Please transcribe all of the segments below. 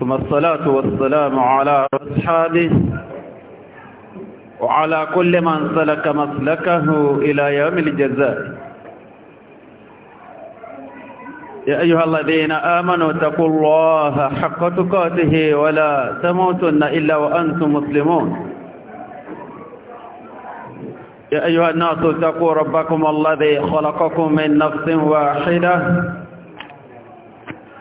ثم الصلاة والسلام على أصحابه وعلى كل من سلك مسلكه إلى يوم الجزاء يا أيها الذين آمنوا اتقوا الله حق تقاته ولا تموتن إلا وأنتم مسلمون يا أيها الناس اتقوا ربكم الذي خلقكم من نفس واحدة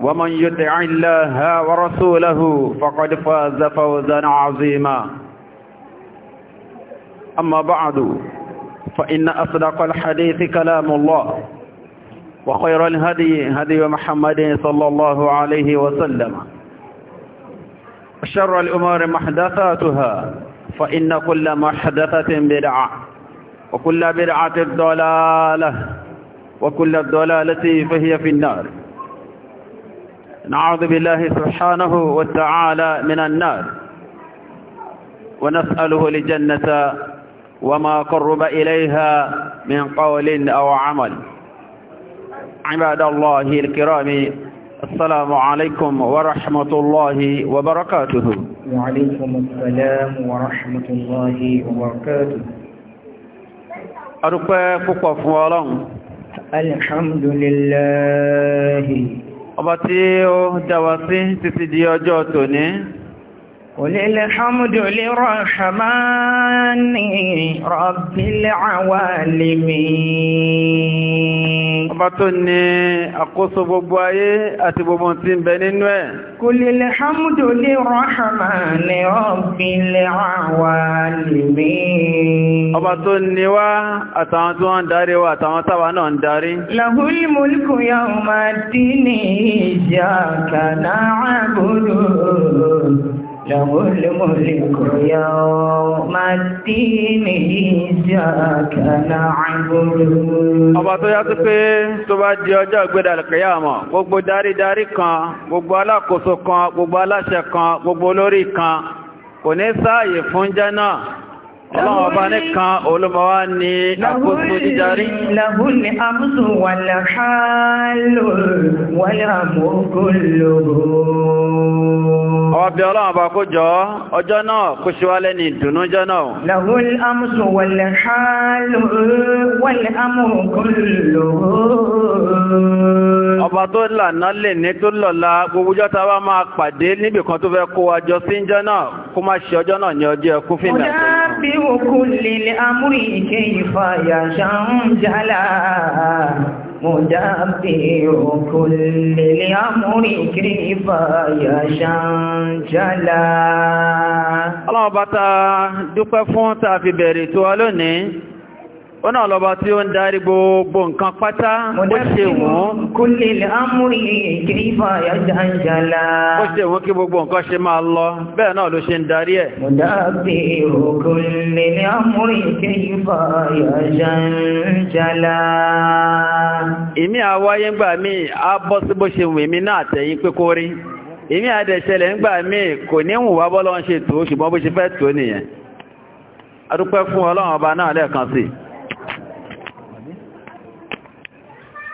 ومن يطع الله ورسوله فقد فاز فوزا عظيما أما بعد فإن أصدق الحديث كلام الله وخير الهدي هدي محمد صلى الله عليه وسلم شر الأمور محدثاتها فإن كل محدثة بدعة وكل بدعة ضلالة وكل الضلالة فهي في النار نعوذ بالله سبحانه وتعالى من النار ونسأله الجنة وما قرب إليها من قول أو عمل عباد الله الكرام السلام عليكم ورحمة الله وبركاته وعليكم السلام ورحمة الله وبركاته أرقى فقف الحمد لله ọba tí ó dáwà sí títí di ọjọ́ tòní Olèlè hamdu lè rọ̀ṣàmá ní rọ̀bílẹ̀ àwà lè mìí ọba tó ní àkóso gbogbo ayé àti gbogbo tí ń bẹ nínú ẹ̀. kò lè lè hamdu lè rọ́hàmà ní ọ̀bí lè àwà lèmi. ọba tó ní wá àtàwọn tí wọ́n ń darí wa àtàwọn táwa náà ń darí. lahul mulku yawma dini iyyaka na'budu. له الملك يوم الدين إياك نعبد ọba tó yá tó pé tó bá di ọjọ́ ìgbéda alìkìyàmọ̀ gbogbo dáridári kan gbogbo alákòóso kan gbogbo aláṣẹ kan gbogbo olórí kan kò ní sáàyè fún jẹ́ náà Ọlọ́run ọba nìkan olúmọwá ni àkóso jíjarí. Lahul ni àmúsù wà láhálò wà láàmúgúnlò. Ọbẹ̀ ọlọ́run ọba kó jọ ọjọ́ náà kó ṣe wá lẹ́ni ìdùnnú jọ náà. Lahul àmúsù wà láhálò wà láàmúgúnlò. Ọba tó lànà lè ní tó lọ́la gbogbo ọjọ́ tá bá máa pàdé níbìkan كل الأمر كيف يشنجلا مدبر كل الأمر كيف يشنجلا الله بطا دوبا فونتا في بيريتو لوني ó náà lọ́ba tí ó ń darí gbogbo nǹkan pátá ó ṣe wọ́n kó lè lámúrí ṣe wọ́n kí gbogbo nǹkan ṣe máa lọ bẹ́ẹ̀ náà ló ṣe ń darí ẹ̀ ìmí àwáyé ńgbà bọ́ sí bó ṣe wù mí náà tẹ̀yìn pé kó ìmí àdẹ̀ṣẹlẹ̀ ńgbà kò ní wù wá bọ́lọ́ ṣe tó ṣùgbọ́n bó ṣe fẹ́ tó nìyẹn adúpẹ́ fún ọlọ́run ọba náà lẹ́ẹ̀kan sí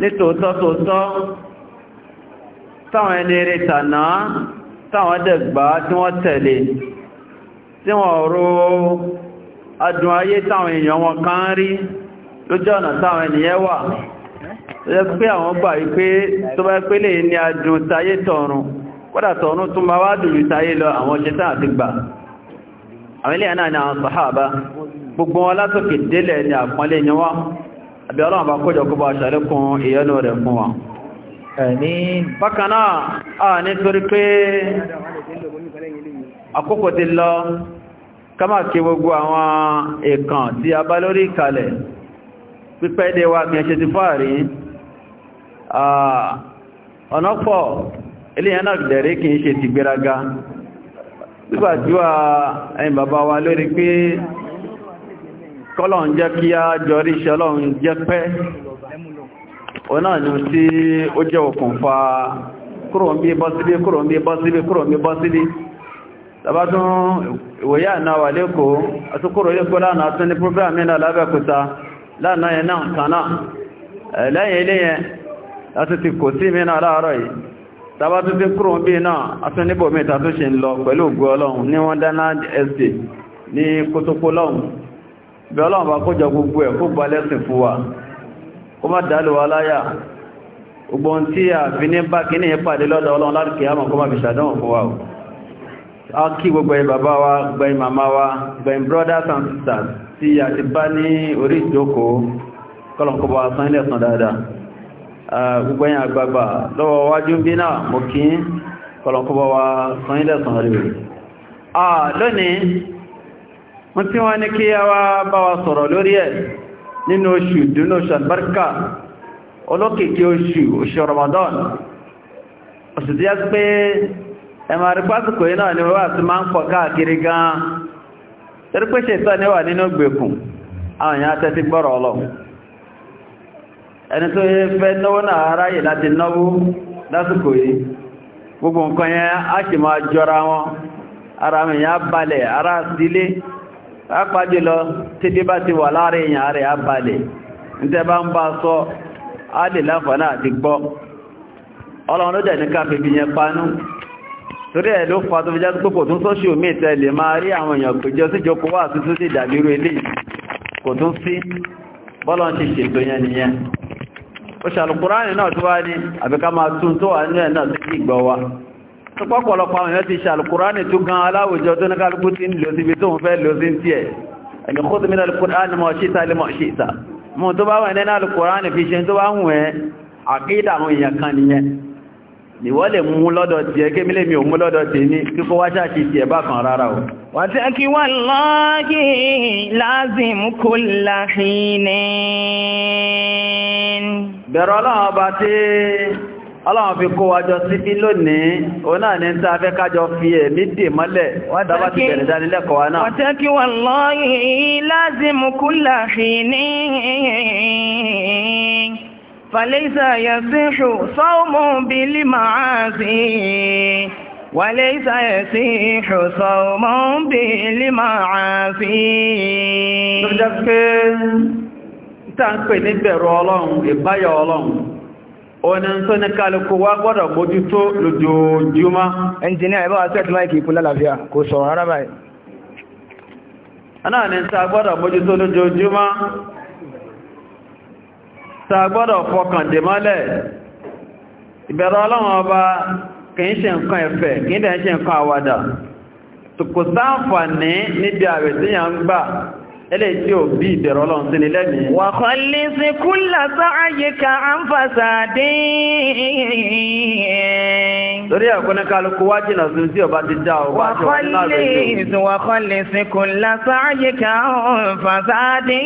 ní tòótọ́ tòótọ́ táwọn eléré tànà táwọn dẹ̀gbà tí wọ́n tẹ̀lé tí wọ́n rò adùn ayé táwọn èèyàn wọn kan rí lójú ọ̀nà táwọn ènìyàn wà tó pé àwọn gbà wípé tó bá ní adùn àbí ọlọ́run bá kójọ kó bá ṣàlékún ìyẹ́nú rẹ̀ fún wa bákan náà a nítorí pé àkókò ti lọ kámà kí gbogbo àwọn èkàn tí a bá lórí ìkàlẹ̀ pípẹ́ dé wa kí ẹ ṣe ti fàárí ọ̀nà pọ̀ iléyàn náà dẹ̀rẹ́ kí ń ṣe ti gbéraga nígbàtíwà ẹ̀yìn bàbá wa lórí pé kọ́lọ̀n jẹ́ kí a jọrí ṣọlọ́n jẹ́ pẹ́ ọ̀nà tí ó jẹ́ òkùnfà kúròmbí bọ́sílé kúròmbí bọ́sílé kúròmbí bọ́sílé tàbátún ìwòyà náà wà lẹ́kọ̀ọ́ àtúkúrò lẹ́kọ́ lánàá tún ní púrógrámì náà lábẹ́kúta lánàá yẹn náà kaná lẹ́yìn ilé yẹn láti ti kò sí mìíràn láàárọ̀ yìí tàbátún tí kúròmbí náà atún níbòmí ìtàtúnṣe ń lọ pẹ̀lú ògbó ọlọ́run ní wọ́n dáná estate ní kótópó bí ọlọ́run bá kójọ gbogbo ẹ̀ kó gba lẹ́sìn fún wa kó má dálò wa láyà gbogbo ohun tí a fi ní bá kí ní ìpàdé lọ́dọ̀ ọlọ́run láti kìí àmọ̀ kó má fi ṣàdánwò fún wa a kí gbogbo ẹ̀ bàbá wa gbẹ̀yìn màmá wa gbẹ̀yìn brothers and sisters tí a ti bá ní orí ìjókòó kọlọ̀kọ̀bọ̀ asán ilẹ̀ sàn dáadáa gbogbo ẹ̀yìn àgbàgbà lọ́wọ́ wájú bí náà mo kí wa sàn ilẹ̀ wọ́n tí wọ́n ní kí a wá bá wa sọ̀rọ̀ lórí ẹ̀ nínú oṣù dúnú oṣù olókèké oṣù oṣù Ramadan oṣù tí a pé ẹmà rí pásìkò yìí náà ni wọ́n àti máa ń pọ̀ káàkiri gan-an torí níwà nínú gbèkùn àwọn èèyàn tẹ́tí gbọ́rọ̀ ọlọ́ pápájúlọ ti wà láàrin èèyàn rẹ̀ abalẹ̀ nítẹ́ bá ń bá sọ áàdì láfàánà àti gbọ́ ọlọ́run ló jẹ́ ní káfí bí yẹn panú torí ló fa tó fi jẹ́ tún àwọn èèyàn wà tuntun ilé kò tún sí bọ́lọ̀ ti ṣètò yẹn nìyẹn ó ṣàlùkùránì náà tó wá ní àbíká máa tún tó wà nínú ẹ̀ náà sí wa pọ́pọ̀lọpọ̀ àwọn èèyàn ti ṣàlùkùránì tó gan aláwùjọ tó ní kálùkù tí ń lò síbi tó ń fẹ́ lò sí tí ẹ̀ ẹni kó tómi lálùkùránì mọ̀ ṣíta lè mọ̀ ṣíta mọ̀ tó bá wọ́n ẹ̀nà alùkùránì fi ṣe tó bá ń wẹ́ àkídà àwọn èèyàn kan nìyẹn ìwọ́ lè mú lọ́dọ̀ tí ẹ kémi Ọlọ́run fi kó wájọ síbí lónìí, òun náà ní tí a fẹ́ kájọ fi ẹ̀mí dè mọ́lẹ̀, wọ́n dábá ti bẹ̀rẹ̀ dánilẹ́kọ̀ọ́ wa náà. Wàtẹ́kí wà lọ́yìn lázimu kúlà fi ní fàlẹ́sà yẹ̀síṣù sọ́ọ̀mù bí lè máa sí وليس يسيح صوم بالمعاصي Tọ́jọ́ pé tá ń pè ìbáyọ̀ Ọlọ́run, ọ̀nà tó ní kálukú wá gbọ́dọ̀ gbójú tó lójoojúmọ́. ẹnjìnà ẹ̀bá wa sẹ́ẹ̀tì máìkì ìpínlẹ̀ àlàáfíà kò sọ̀rọ̀ rárá báyìí. náà ni tá gbọ́dọ̀ gbójú tó lójoojúmọ́ tá gbọ́dọ̀ fọkàn dè mọ́lẹ̀ ìbẹ̀rù ọlọ́run ọba kìí ṣe nǹkan ẹ̀fẹ̀ kìí dẹ̀ ṣe nǹkan àwàdà tòkòsáǹfà ní níbi àwẹ̀ gbà eléyìí tí ò bí ìbẹ̀rẹ̀ ọlọ́run sí ni wa khallis kulla sa'yika torí ẹ̀kọ́ ní kálukú wá jìnà sí tí ọba ti já ọba tí wọ́n náà rẹ̀ jù. wàkọ́lẹ̀ ìsìnkú lásàáyé káwọn fàṣáàdì.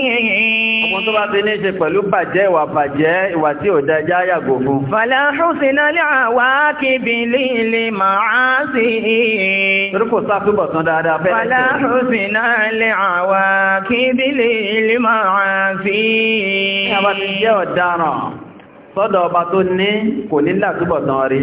ọmọ tó bá ti ní ṣe pẹ̀lú bàjẹ́ ìwà bàjẹ́ ìwà tí ò dájá yàgò fún. fàlà húsìnà lè wá kíbi líle màá sí i. torí kò sáà túbọ̀ tán dáadáa bẹ́ẹ̀. fàlà húsìnà lè wá kíbi líle màá sí i. ní bá ti jẹ́ ọ̀daràn sọ́dọ̀ ọba tó ní kò ní látúbọ̀ tán rí.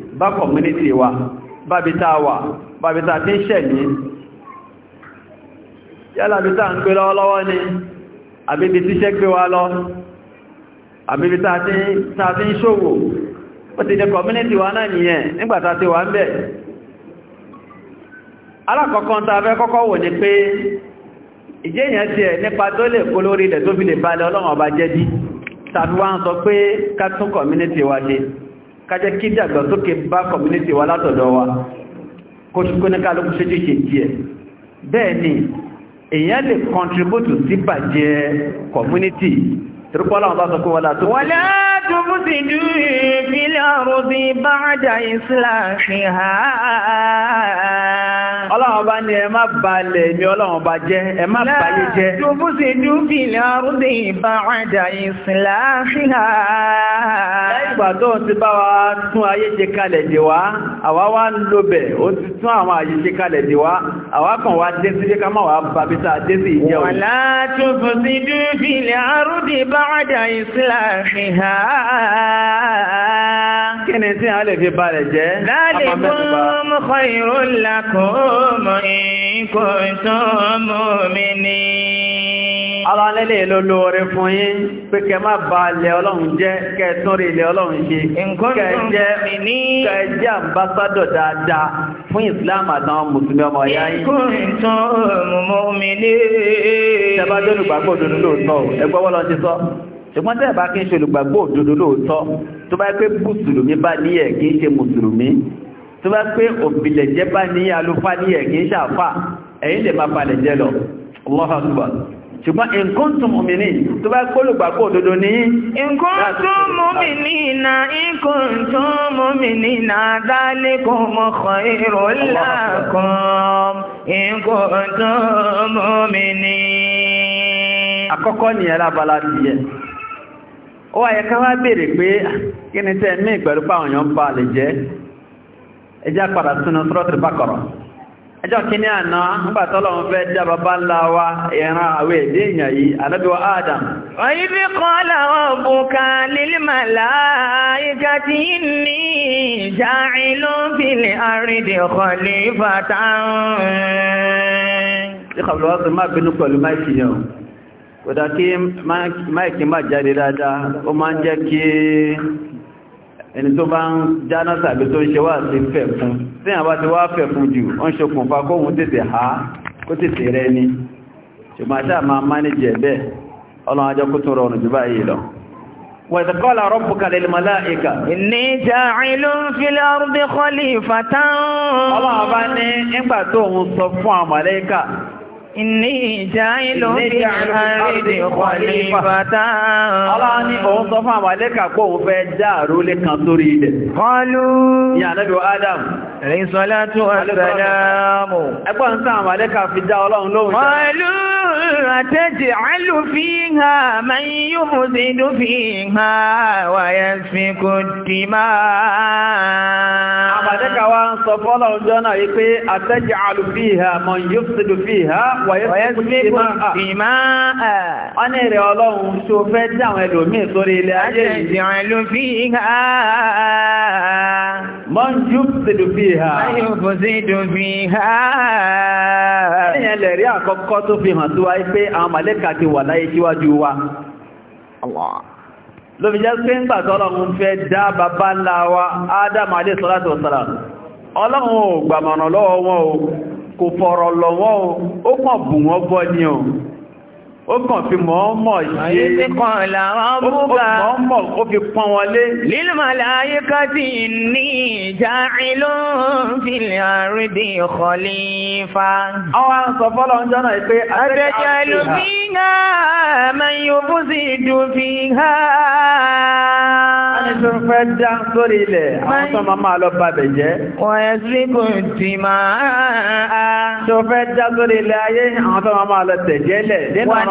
bá community wa bábi tá wà bábi tá tí ń ṣẹ̀ ní yálà bí tá ń gbé lọ́wọ́lọ́wọ́ ni àbíbi tí ṣẹ́ gbé wa lọ àbíbi tá tí ń ṣòwò ó ti jẹ́ community wa náà nìyẹn nígbàtà ti wà ń bẹ̀ alákọ̀ọ́kọ́ ta fẹ́ kọ́kọ́ wò ní pé ìjẹ́yàn ti ẹ̀ nípa tó lè kó lórí ilẹ̀ tó fi lè balẹ̀ ọlọ́run ọba jẹ́ bí tàbí wá ń sọ pé ká community wa ṣe kájẹ́ kí dàgbàsókè bá community wa látọ̀dọ̀ wa kó ṣùkú ní kálùkù ṣe jíṣe díẹ̀ bẹ́ẹ̀ ni èèyàn lè contribute sí bàjẹ́ community Tirukọ́lá wọn bá sọ pé wọ́n látọ́. Wọ́n látọ́ bú sí dúró ìfilẹ̀ ọ̀rọ̀ sí bájá ìsìláàfì ha. Ọlọ́run bá ní ẹ má balẹ̀ mi ọlọ́run bá jẹ́, ẹ má báyé jẹ́. Látọ́ bú sí dúró ìfilẹ̀ ọ̀rọ̀ sí bájá ìsìláàfì ha. Lẹ́yìn ìgbà tó ti bá wa tún ayé jẹ kalẹ̀ dè wá, àwa wá ń lo bẹ̀, ó ti tún àwọn ayé jẹ kalẹ̀ dè wá, àwa kàn wá dé sí ká má wá bàbí dé sí ìjẹun. Wọ́n látọ́ bú sí dúró ìfilẹ̀ ọ̀rọ̀ sí bá ba'da islahiha. Kí ni tí a lè fi balẹ̀ jẹ́? Dhalikum khayrun lakum in kuntum mu'minin. ara nílé ló lóore fún ma pé kẹ má bà ilẹ̀ ọlọ́run jẹ́ kẹ tún rí ilẹ̀ ọlọ́run ṣe kẹ jẹ́ àmbásádọ̀ dáadáa islam àtàwọn mùsùlùmí ọmọ ìyá yìí tẹ́bájọ́ olùgbàgbọ́ òdodo lóòótọ́ ẹgbọ́wọ́lọ́ ti sọ ṣùgbọ́n tẹ́ bá kí ń ṣe olùgbàgbọ́ òdodo lóòótọ́ tó bá pé bá ní ẹ̀ ṣe mùsùlùmí tó bá pé bá ní alúfà ní ẹ̀ ṣàfà ẹ̀yìn lè lọ ṣùgbọ́n nǹkan tún mọ̀mí ní tó bá kólùgbàgbọ́ òdodo ní nǹkan tún mọ̀mí ní na nǹkan tún mọ̀mí na dhalikum khairul lakum nǹkan tún mọ̀mí ní. àkọ́kọ́ nìyẹn lábala nìyẹn ó wáyé ká wá béèrè pé kí ni tẹ́ mí pẹ̀lú pàwọn èèyàn bá lè jẹ́ ẹjá padà sínú Suratul Baqarah ẹjọ́ kí ní àná nígbàtọ́lọ́run fẹ́ dá bàbá ńlá wa ìran àwẹ̀ èdè èèyàn yìí anábíwá adam. ọ̀yíbí kan láwọn òbúkà lílìmàlá ìjà tí ní ìjà ìlú àrídì ọ̀kọ̀lẹ̀ ìfàtà ń. ìkàbùlọ́wọ́ ẹni tó bá ń jáná tàbí tó ń ṣe wá sí fẹ̀ fún tí àbá ti wá fẹ̀ fún jù ó ń ṣokùnfà kóhun tètè ha kó tètè rẹ ni ṣùgbọ́n àmà mánéjì ẹ̀bẹ́ ọlọ́run kó tún rọrùn jù báyìí lọ وإذ قال ربك للملائكة إني جاعل في الأرض خليفة الله أباني إن بعد سوء مصفوع ملائكة Inni ìjáyìnlò fi àrídì kọ̀lì bàtà. Ọlá ní òun sọ fún àwàlẹ́kà pọ̀ òun fẹ́ já àrólé kan sórí ilẹ̀. Kọlu. Ìyànlẹ́bí Adam. Rìsọ́látù àṣàlámù. Ẹgbọ́n sáà màlẹ́kà fi dá ọlọ́run lóhùn. Ọlú àtẹ́jẹ̀ alù fi ha, máa yíò mú sí inú fi ha, wà yẹ fi kò dì máa. Àmàlẹ́kà wá ń sọ fọ́lọ̀ ọjọ́ yí pé àtẹ́jẹ̀ ha. Ayọ̀fọ̀sídò fi ha. Ẹ̀yẹn lè rí àkọ́kọ́ tó fi hàn sí wa pé àwọn màlẹ́kà ti wà láyé síwájú wa. Ló fi jẹ́ pé ń gbà tọ́lọ̀ ń fẹ́ dá bàbá ńlá wa, Ádámù Adé Sọ́lá tó sára. Ọlọ́run ò gbàmọ̀ràn lọ́wọ́ wọn o, kò fọ̀rọ̀ lọ́wọ́ o, ó kàn bù wọ́n bọ́ ni o ó kàn fi mọ́ mọ́ ṣe ó fi pọ́n wọlé. lílùmọ̀lá ayéká ti ní ìjà ìlú fìlẹ̀ àrídì ìkọlífà. àwọn àǹsọ̀ fọ́lọ̀ ń jọ́nà pé àtẹ́jà ìlú fi ha mẹ́yìn òbú sí ìdú fi ha. Ẹni tó fẹ́ dá sórí ilẹ̀, àwọn tó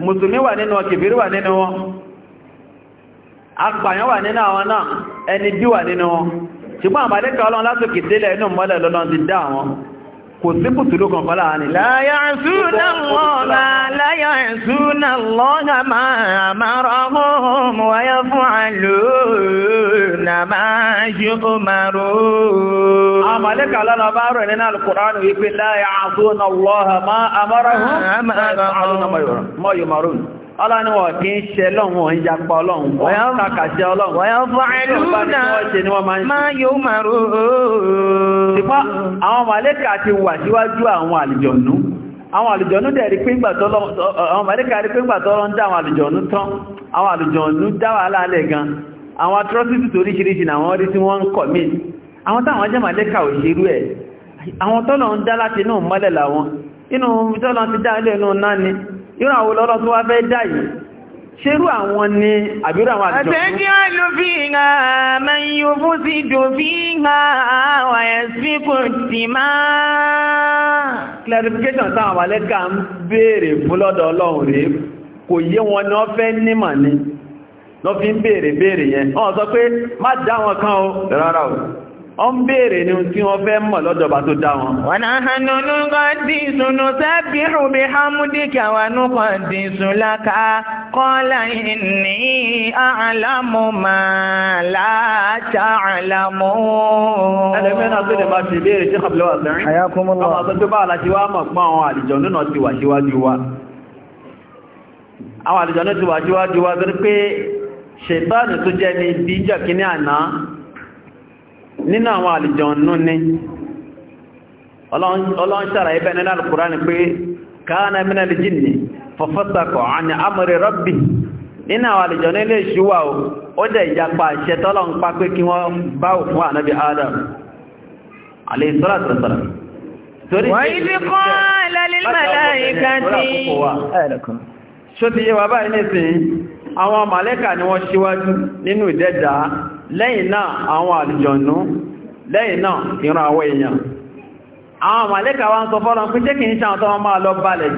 mùsùlùmí wà nínú kèfèrí wà nínú wọn apàyàn wà nínú àwọn náà ẹni bí wà nínú wọn ṣùgbọ́n àmàlẹ́kà ọlọ́run lásòkè délẹ̀ inú mọ́lẹ̀ lọ́lọ́run ti dá àwọn kò sí bùtùlù kan fọ́lá ní láyá ṣúnà lọ́la láyá ṣúnà lọ́la máa mara ohun wáyé fún àlò na máa yí àmàlẹ́kà lọ́la bá rẹ̀ nínú alkùránù wípé láyá ṣúnà lọ́la máa mara ọlọ́niwọ̀ kí ń ṣe lọ́wọ́ ń yapa ọlọ́run wọ́n kàkàṣẹ́ ọlọ́run wọ́n fún àìlúnà àwọn àlùjọ̀nú dẹ̀ rí pé ìgbà àlùjọ̀nú tán àwọn àlùjọ̀nú dá wà gan àwọn atrocity tó ríṣiríṣi náà wọ́n tí wọ́n ń kọ̀ mí àwọn táwọn jẹ́ màlẹ́kà òṣèrú ẹ̀ àwọn tọ́lọ́ ń dá láti ìran àwọn olóòrọ̀ tó wá fẹ́ dá yìí ṣerú àwọn ní àbírú àwọn àjọ àtẹ́jẹ́ ló fi ha mẹ́yìn òfú sí jò fi ha wàyẹ̀ sí kò tí máa clarification sáwọn ń fún lọ́dọ̀ ọlọ́run sọ pé má dá wọn o ọ ń béèrè ní tí wọ́n fẹ́ mọ̀ lọ́dọ̀bà tó dá wọn. wọ́n náà hànú lókọ́ dì ìsúnú sábì rúbi hamudika wà núkọ́ dì ìsúnláka kọ́lá ní àlámù máa láàtà àlámù. ẹlẹ́gbẹ́ náà tó lè bá ti wà síwájú nínú àwọn àlùjọ̀nnú ní ọlọ́run ibẹ̀ nínú al-Qur'an pé kana min al-jinni fafasaqa an amri rabbih nínú àwọn àlùjọ̀nnú ilé ìṣúwà ó dẹ̀ ìjapa àṣẹ tọ́lọ́run ibi ṣó ti yé wa báyìí nìsìn àwọn màlẹ́kà ni wọ́n ṣíwájú nínú ìdẹ́dà lẹ́yìn náà àwọn àlùjọ̀nú lẹ́yìn náà ìran àwọn èèyàn àwọn màlẹ́kà wá ń sọ fọ́lọ́n pín jẹ́kì ní ṣàwọn tọ́wọ́ máa lọ balẹ̀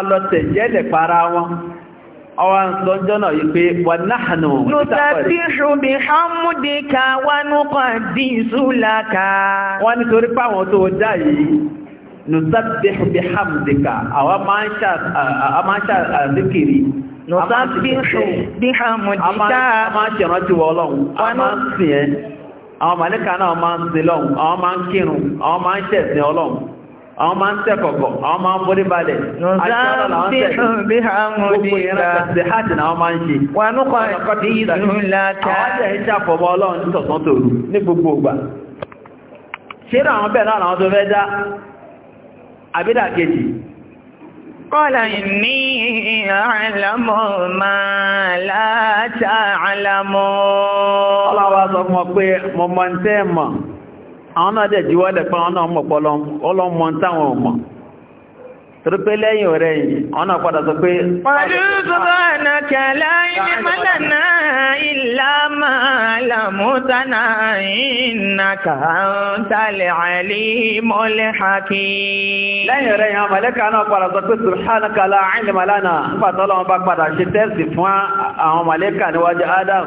jẹ́ jẹ́kì para wọn ọwá ń sọ jọ́nà yìí pé wà náhànà nùtàbíṣù bí hàmúdíkà wánúkọ̀ dìísù lákàá wọ́n nítorí pàwọn tó dá yìí nusabbihu bihamdika àwa máa ń ṣà a bihamdika a máa ń ṣèrántí wọ ọlọ́run a máa ń sìn ẹ́ àwọn màlíkà náà máa ń sin lọ́run àwọn máa ń kírun àwọn máa ń ṣẹ̀sìn ọlọ́run àwọn máa ń tẹ́ kọ̀kọ̀ àwọn máa ń borí balẹ̀ nusabbihu bihamdika wà nùkọ̀ ìdùnnú láta àbídà kejì Kọ́lá ní àlàmọ́ máa láta àlàmọ́. Ọlọ́wà sọ fún ọ pé mọ̀mọ̀ tẹ́ mọ̀, àwọn náà dẹ̀ jíwọ́lẹ̀ pẹ́ àwọn náà mọ̀ pọ́lọ́mọ̀ táwọn torípé lẹ́yìn ọ̀rẹ́ yìí ọ̀nà padà sọ pé lẹ́yìn ọ̀rẹ́ yìí àmàlẹ́kà náà padà sọ pé subhanaka la ilma lana fàtọ́lọ́wọ́n bá padà ṣe tẹ́sì fún àwọn màlẹ́kà níwájú adam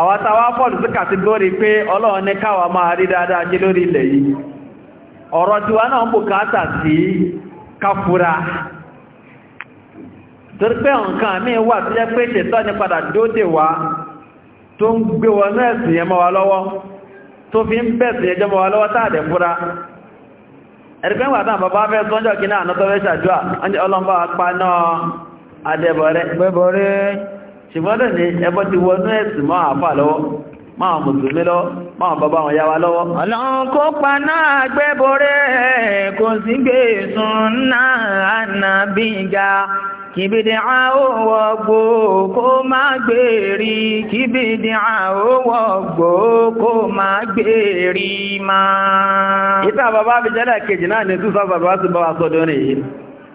àwọn tàwà fọ́lù sí kàtígórí pé ọlọ́run ní káwà máa rí dáadáa jẹ́ lórí ilẹ̀ yìí ọ̀rọ̀ tiwa náà ń bùkátà sí káfúra torí pé nǹkan mi wà tó jẹ́ pé ṣètọ́ ní padà dóde wá tó ń gbé wọnú ẹ̀sìn yẹn mọ́ fi ń bẹ̀sìn yẹn jẹ́ mọ́ wa lọ́wọ́ ṣùgbọ́n ní ẹbọ́ ti wọnú ẹ̀sìn máa àfà lọ́wọ́ máa mùsùlùmí lọ́wọ́ máa bàbá wọn yá wa lọ́wọ́. ọlọ́run kó paná gbẹ́bọ̀rẹ́ kò sí gbèsùn náà ànàbíga kìbìdì àwọ̀ gbò kó máa gbèrí kìbìdì àwọ̀ gbò kó jẹ́ bá wa rẹ̀ yìí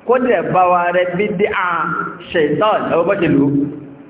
kó dẹ̀ bá wa rẹ̀ bídí à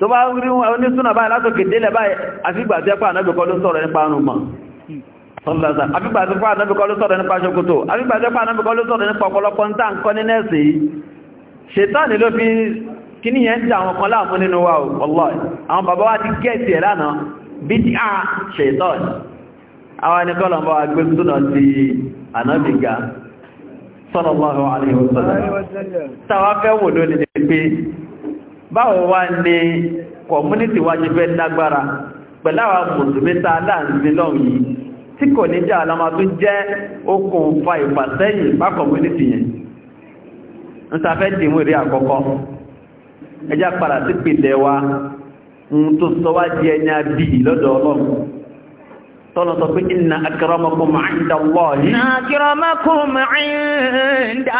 tó bá rí onísúnà báyìí látòkè délẹ̀ báyìí àfígbà tí ẹpà anábìkọ́ ló sọ̀rọ̀ nípa ọrùn mọ̀ sọ́lọ́sà àfígbà tí ẹpà anábìkọ́ ló sọ̀rọ̀ nípa ṣokòtò àfígbà tí ẹpà anábìkọ́ ló sọ̀rọ̀ nípa ọ̀pọ̀lọpọ̀ ń tàn kọ́ ní nẹ́ẹ̀sì ṣètánì ló fi kíní yẹn tí àwọn kan láàmú nínú wa wallahi àwọn bàbá wa ti gẹ́ẹ̀tì ẹ̀ lánàá bí i à ṣètánì àwọn ẹni kọ́lọ̀ bá wa gbé súnà ti anábìga sallallahu alaihi wasallam tàwa fẹ́ wò lónìí pé báwo wá ní kọmúnítì wá jẹ́ fẹ́ lágbára pẹ̀láwà mùsùlùmí ta láàrin yìí tí kò ní jẹ́ alama tó jẹ́ okùn fa bá kọmúnítì yẹn ń tafẹ́ dìmú rí àkọ́kọ́ ẹjá padà sí wa ń tó sọ ẹni tọ́lọ sọ pé inna akramakum inda Allahi. inna akramakum inda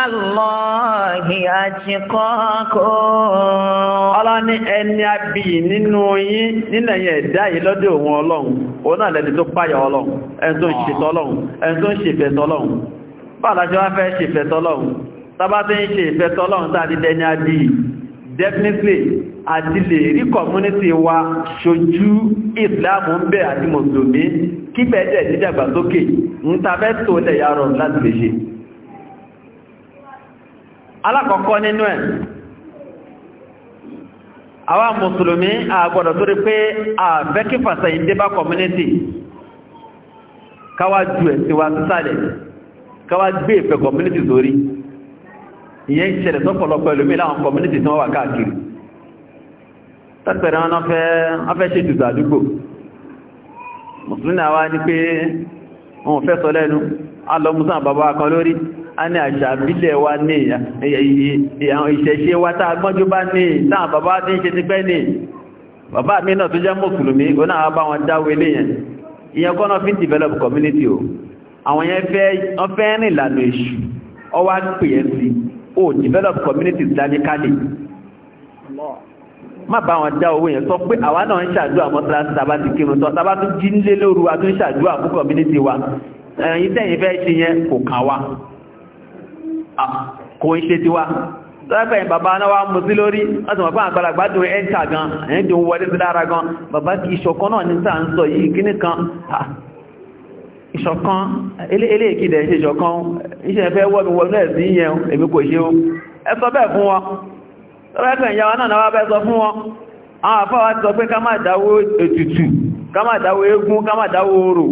ọlá ní ẹni àbí nínú nínú ẹ̀yẹ ẹ̀dá yìí lọ́dẹ̀ òun ọlọ́run náà lẹ́ni tó páyà ọlọ́run definitely àti lè rí community wa ṣojú islam ń bẹ àti mùsùlùmí kí bẹ́ẹ̀dẹ̀ dídàgbàsókè ń tafẹ́ tó lẹ̀ yàrọ̀ láti lè ṣe alákọ̀ọ́kọ́ nínú ẹ̀ àwa mùsùlùmí àgbọ̀dọ̀ tó rí pé àfẹ́ kí community káwá ju ẹ̀sìn wa sísàlẹ̀ káwá gbé ìfẹ́ community sórí ìyẹn ń ṣẹlẹ̀ sọ́pọ̀lọpọ̀ ẹlòmí láwọn community tí wọ́n wà káàkiri tẹ́pẹ̀rẹ̀ wọn fẹ́ ṣe dùdù àdúgbò mùsùlùmí àwa ní pé wọn fẹ́ sọ lẹ́nu alọ musan bàbá kan lórí a ní àṣà bílẹ̀ wa ní ìṣẹ̀ṣe wa tá gbọ́njú bá ní táà bàbá tí ń ṣe ti pẹ́ ní community o àwọn yẹn fẹ́ rìn ìlànà èṣù ọwá pè sí o develop community radically má bá wọn dá owó yẹn sọ pé àwa náà ń ṣàdúrà mọ́sálásí tàbá ti kírun tán tàbá tún jí nílé lóru a tún ṣàdúrà fún community wa ẹ̀yìn tẹ́yìn fẹ́ ṣe yẹn kò kàn wá kò ń ṣe tiwa lọ́pẹ́ yìí bàbá náà wá mú sí lórí láti mọ̀ fún àgbàlagbà dùn ẹ́ńtà gan ẹ̀yìn dùn wọlé sí lára gan bàbá kì náà ní sáà ń sọ yìí kíní kan ìṣọ̀kan eléèkìdẹ̀ ṣe ìṣọ̀kan iṣẹ́ ẹ̀fẹ́ wọ́bí wọ́n náà sí yẹn èmi kò ṣe o ẹ sọ bẹ́ẹ̀ fún wọn lọ́rẹ́kẹ̀ ìyàwó náà náà bẹ́ẹ̀ sọ fún wọn àwọn àfáwà ti sọ pé ká má dáwó ètùtù ká má dáwó eégún ká má dáwó orò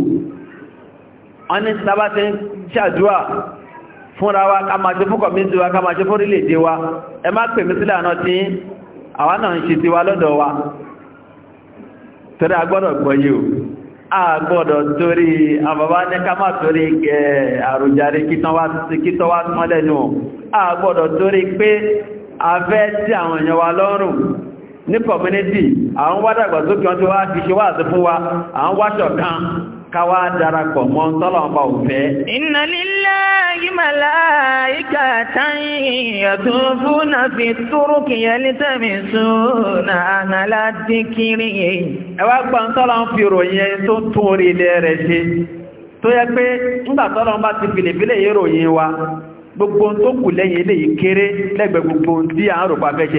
wọ́n ní tàbá ti ń ṣàdúrà fúnra wa ká máa ṣe fún kọ̀míntì wa ká máa ṣe fún orílẹ̀-èdè wa ẹ má pè mí sílẹ̀ àná tí àwa náà ń ṣe tiwa lọ́dọ̀ wa tẹ́rẹ agbọ́dọ̀ gbọ́yé o àgbọ̀dọ̀ torí àbàbá ní ká máa torí àrùjàrí kítọ́ wá tán lẹ́nu àgbọ̀dọ̀ torí pé a fẹ́ tí àwọn èèyàn wa lọ́rùn ní community àwọn wádàgbà tó kí wọ́n tó wá fi ṣe wá àti fún wa àwọn wáṣọ̀ kan káwá mọ mọ́ tọ́lọ̀mọ́ òfẹ́. Inna lillahi malaikatan yatufuna fi turuki yaltamisuna ahla na ẹ wá gbọ́ tọ́lọ̀ ń fi ròyìn ẹni tó tún orí ilẹ̀ rẹ̀ ṣe tó yẹ pé ńgbà tọ́lọ̀ ń ti wa gbogbo tó kù lẹ́yìn kéré gbogbo tí à ń rò pa fẹ́ ṣe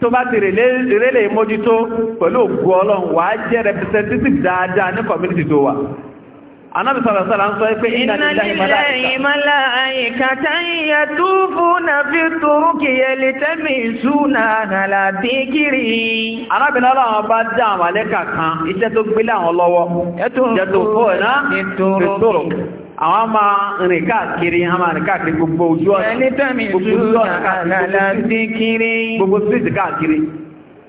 tó bá ti rèlè mójútó pẹ̀lú ògùn ọlọ́run wà á jẹ́ representative dáadáa ní community tó wà anábi sọ̀rọ̀sọ̀rọ̀ ń sọ pé iná nílẹ̀ ìmọ̀lá àyíkàtà ìyà tó fún àfi torúkì yẹlẹ tẹ́mì ìṣúná àhàlà bí kiri arábìnrin ọlọ́run bá dá àwọn alẹ́kà kan iṣẹ́ tó gbélé àwọn lọ́wọ́ ẹ̀tọ́ tó fún ẹ̀ná ìtòrò àwọn máa rìn káàkiri a máa rìn káàkiri gbogbo ojú ọ̀nà gbogbo síìtì káàkiri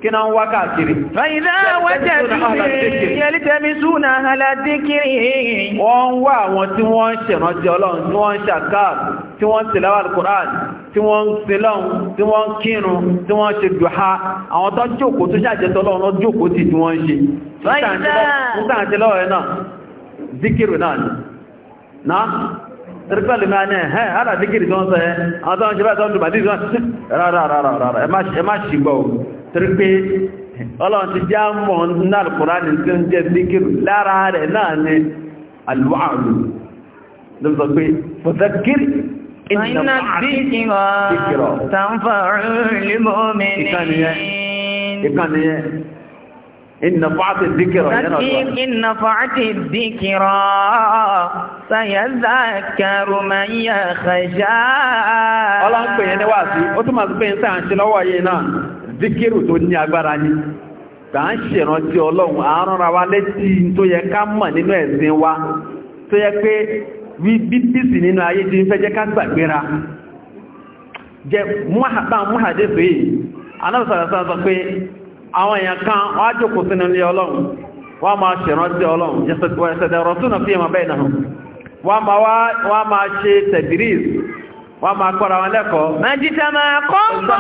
kí náà ń wá káàkiri. Wọ́n ń wá àwọn tí wọ́n ń ṣèrántí ọlọ́run, tí wọ́n ń ṣàkáà, tí wọ́n ń tìláwà al tí wọ́n ń sílọ́un, tí wọ́n ń kírun, tí wọ́n ń ṣe dùhá. Àwọn tó jókòó tó ṣàjẹ́tọ́ ọlọ́run jókòó tí wọ́n ń ṣe. Naa. tẹ́rẹ́pẹ́lẹ̀ máa ní ẹ̀hẹ́ tó ń sọ ẹ́ àwọn tó ń ṣe bá ń dìí إن نفعت الذكرى فكيف na نفعت a سيذكر من يخشى ọlọ́n pè yẹn ní wá sí ó túnmà sí pé ń sáà ń ṣe lọ́wọ́ yìí náà zikiru tó ní agbára ní tàà ń ṣèrántí ọlọ́run àárọ́ra wa létí tó yẹ ká mọ̀ nínú ẹ̀sìn wa tó ti àwọn èèyàn kan wọ́n jòkó sínú ilé ọlọ́run wọ́n máa ṣèrántí ọlọ́run yẹ̀sẹ̀dẹ̀rọ̀ túnà fi ìmọ̀ bẹ́ẹ̀ náà wọ́n máa ṣe tẹ̀bírìs wọ́n máa kọ́ra wọn lẹ́kọ̀ọ́ mẹ́jítà máa kọ́ mọ́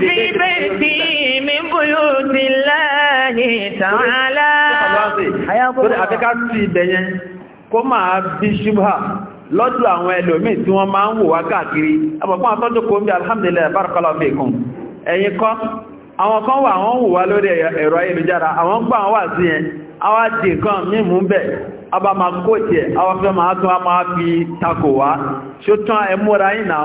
sí bẹ́ẹ̀tì mi búyú ti láàrin ìtàwálá kó wá àwọn kan wà wọ́n wò wá lórí ẹ̀rọ ayélujára àwọn gbà wọ́n wà sí yẹn àwọn àti nǹkan mímú bẹ̀ abàmàkóòtì ẹ̀ àwọn fẹ́ tún a máa fi takò wá ṣó tán ẹmúra yìí náà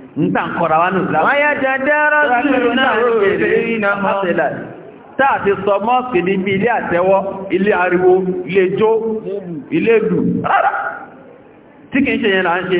nta nkọ̀ra wa nù láwọn. wáyé dáadáa rọ́sùlù náà ilé àtẹ́wọ́ ilé ariwo ilé jó ilé dù rárá tí kìí ṣe yẹn là ń ṣe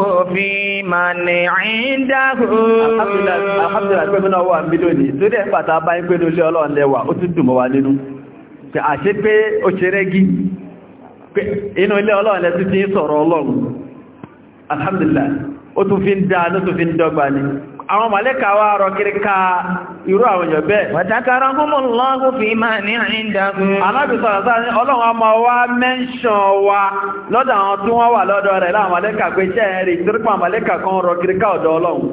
bí ma ní Alhamdulillah, Alhamdulillah pé mínú ọwọ́ àmì lónìí, tó dẹ̀ pàtà bá ń pé lórí ọlọ́ọ̀lẹ́wà, ó ti dùn mọ́ wa nínú. Àṣé pé ó ṣe rẹ́gí, Alhamdulillah, ó tún fi ń dáa, àwọn màlẹ́kà wá rọ kiri ká irú àwọn èèyàn bẹ́ẹ̀. wàtàkàrà gúnmù lọ́gù fi máa ní ìdàgùn. alábìsọ̀rọ̀ sáà ní ọlọ́run ọmọ wa mẹ́ṣàn wa lọ́dọ̀ àwọn tí wọ́n wà lọ́dọ̀ rẹ̀ láwọn màlẹ́kà pé jẹ́ ẹ̀rì tírípà màlẹ́kà kan rọ kiri ká ọ̀dọ̀ ọlọ́run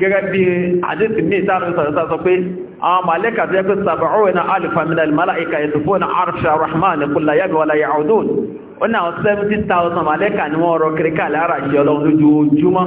gẹ́gẹ́ bí àdéhùn ní ìtàrùsọ̀rọ̀ sọ pé àwọn màlẹ́kà tó yẹ pé sàbàáwẹ̀ na alifa min al-mala'ika yasufu na arsha rahman kulla yami wala ya'udun ó ní àwọn 70,000 màlẹ́kà ni wọ́n rọ kiri ká lára ìṣẹ́ ọlọ́run lójoojúmọ́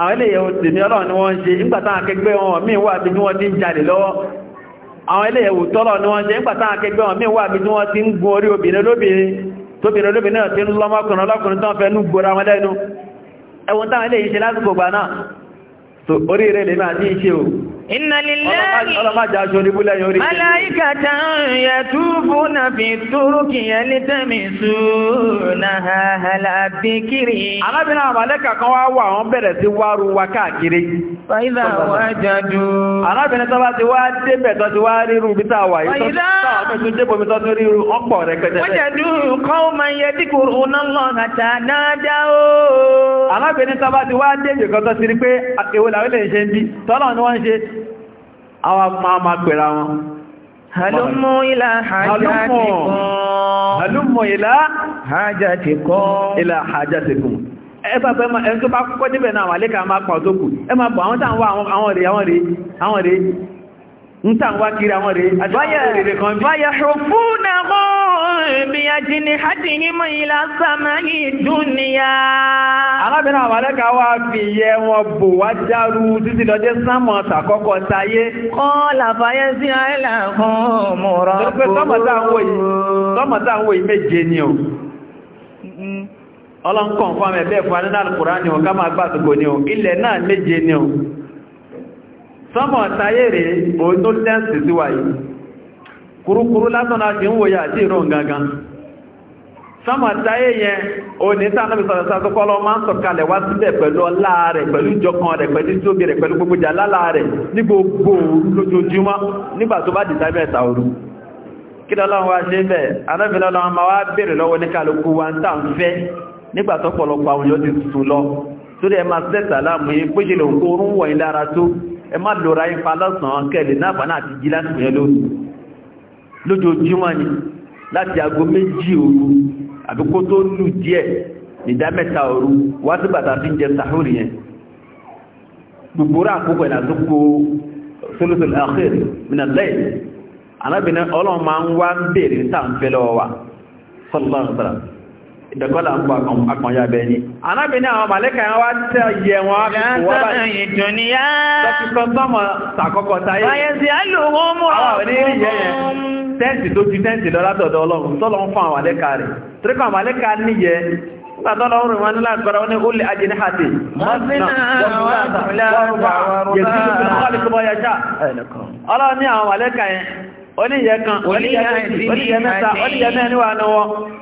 àwọn ilé ìyẹ̀wò tèmi ọlọ́run ni wọ́n ṣe nígbàtán akẹgbẹ́ wọn míì wà bí wọ́n ti ń jalè lọ́wọ́ àwọn ilé ìyẹ̀wò tọ́lọ̀ ni wọ́n ṣe nígbàtán akẹgbẹ́ wọn míì wà bí wọ́n ti ń gun orí obìnrin lóbìnrin tóbìnrin ti náà Inna lillahi. Ọlọ́mọ àjà aṣọ oníbú lẹ́yìn orí. Màláìkàtà yẹ túbú náà fi túrúkì yẹn ní tẹ̀mí sùúrùnà hàhàlà bíkìrì. Alábìnrin àwọn màlẹ́kà kan wá wà wọ́n bẹ̀rẹ̀ sí wárú wa káàkiri. Fàyídà wá jàdú. Alábìnrin tó bá ti wá débẹ̀ tó ti wá ríru bí tá a wà yìí. Fàyídà. Táwọn tó tún débomi tó tún ríru ọ̀pọ̀ rẹ̀ pẹ̀tẹ̀. Wọ́n jàdú kọ́ máa yẹ díkùrù náà lọ́ àwọn máa máa pẹ̀ra wọn halummu ila hajjatikum halummu ila hajjatikum ila hajjatikum ẹgbàgbẹ́ ẹni tó bá kọ́kọ́ níbẹ̀ náà wà lẹ́kàá máa pàtókù ẹ máa bọ̀ àwọn tàà ń àwọn rèé Nta nwa kiri àwọn rèé àjọyọ̀ kan bí. wáyà ṣòfúnà mọ́ bí ajínigbé hàtìyí mọ́ ilá sàmáyé dúnìyà. alábìnrin àwọn fi yẹ wọn bò wá dárú títí lọ́jọ́ sámọ̀ tàkọ́kọ́ sáyé. kọ́ làbáyé sí àìlà fún mọ̀rọ̀ kó. pé tọ́mọ̀tà ń wò yìí méje ni o. Mm-hmm. ẹ̀bẹ́ fún o ká máa sọmọ táyé rèé òun tó lẹ́ǹsì sí wáyé kúrúkúrú látọ́nà ti ń wòye àti ìrùn gangan sọ́mọ̀ táyé yẹn òun ní sáà náà sọ̀rọ̀ sáà kọ́lọ́ máa ń sọ̀kalẹ̀ wá sílẹ̀ pẹ̀lú ọlá rẹ̀ pẹ̀lú ìjọkan rẹ̀ pẹ̀lú tóbi rẹ̀ pẹ̀lú gbogbo rẹ̀ ní gbogbo lójoojúmọ́ nígbà tó bá E ma lòrà yín pa lọ́sàn-án kẹ́lẹ̀ náà bá jí láti yẹn lóru lójoojúmọ́ ni láti aago méjì òru àbí tó lù díẹ̀ ìdá òru wá sí bàtà jẹ yẹn gbogbo rà àkókò ìlà tó kó ìdẹ̀kọ́lá ń pa akọ̀nyà bẹ̀ ni. Ànábì àwọn màlẹ́kà yẹn wá tẹ́ yẹ wọn á fi wọ́n bá yìí. Ìdùnnìyà. Lọ́kìtọ́ sọ́mọ̀ sàkọ́kọ́ táyé. Àyẹ̀sí àlùwọ́n mú àwọn onírìn yẹn yẹn. Tẹ́ǹtì tó ti tẹ́ǹtì lọ látọ̀dọ̀ Ọlọ́run tọ́lọ ń fún àwọn màlẹ́kà rẹ̀. Tíríkọ̀ màlẹ́kà níyẹ Gbàtọ́lọ orin wọn nílá àgbàrá wọn ní ó lè ajé ní àti. Mọ́sínà wà tàbílá wà rúbá. Yẹ̀sí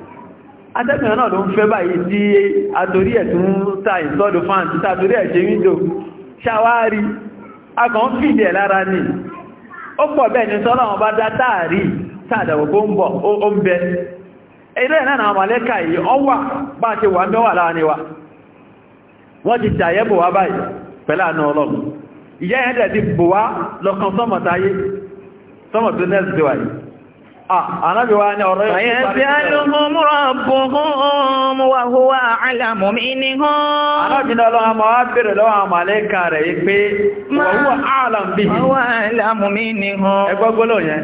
atẹ́kùnrin náà ló ń fẹ́ báyìí tí àtorí ẹ̀ tún ta ìsọ́dù fán tí tàtorí ẹ̀ ṣe wíńdò ṣàwárí akàn fìdí ẹ̀ lára ní ó pọ̀ bẹ́ẹ̀ ni sọ́lọ́ wọn bá dá táàrí tàdàwò bó ń bọ̀ ó ń bẹ ẹ̀rẹ́ náà àwọn mọ̀lẹ́kà yìí ọ wà bá ṣe wà ń wà Ah, Ànábì wa ní ọ̀rọ̀ yóò parí Ànábì náà lọ́wọ́ máa wá bèèrè lọ́wọ́ àwọn màlẹ́kà rẹ̀ yí pé wọ̀wọ́ àlàmì bí yẹn.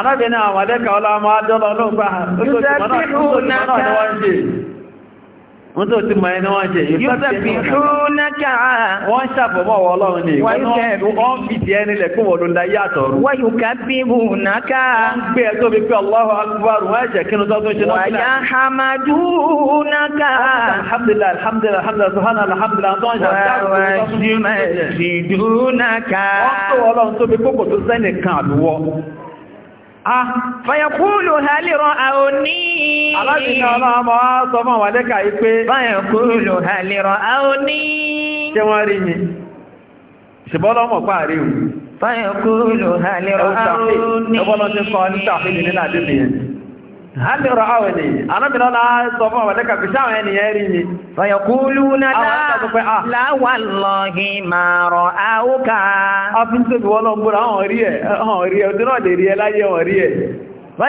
anábìnrin àwọn àdẹ́kà ọlọ́mọ adọ́lọ ọlọ́gbà wọ́n tó ti mọ̀ ẹni wọ́n jẹ yíṣẹ́bìnúnákà wọ́n ṣàbọ̀mọ̀ ọlọ́run ni wọ́n fi ti ẹni lẹ̀kún wọ́n ló ń da yàtọ̀ rú wọ́n yóò ká bí bùnákà gbé ẹ̀tọ́ bí pé Allahu Akbar wọ́n jẹ́ kí ní tọ́tún ṣe náà wáyá hamadúnákà alhamdulillah alhamdulillah alhamdulillah subhanallah alhamdulillah tó ń ṣe àdáàrùn tó ń ṣe Ah, Fàyẹ̀kúlù hàlìrán àóní. Alábìnrin ọlọ́mọ sọ fún àwọn àdẹ́kà yìí pé. Fàyẹ̀kúlù hàlìrán Ṣé wọ́n rí mi? Ṣìbọ́lọ́mọ̀ pààrí o. Fàyẹ̀kúlù hàlìrán àóní. Ẹgbọ́n lọ ti ní Àmìrọ̀ àwọn ènìyàn, anábìnà náà sọ fún àwọn ẹ̀dẹ́kà fi sáwọn ènìyàn rí ni. Fọ̀yọ̀kúlú náà láwàlọ́hì máa rọ̀ áwúkà. A fi ń tóbi wọ́n lọ gbọ́ra,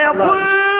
àwọn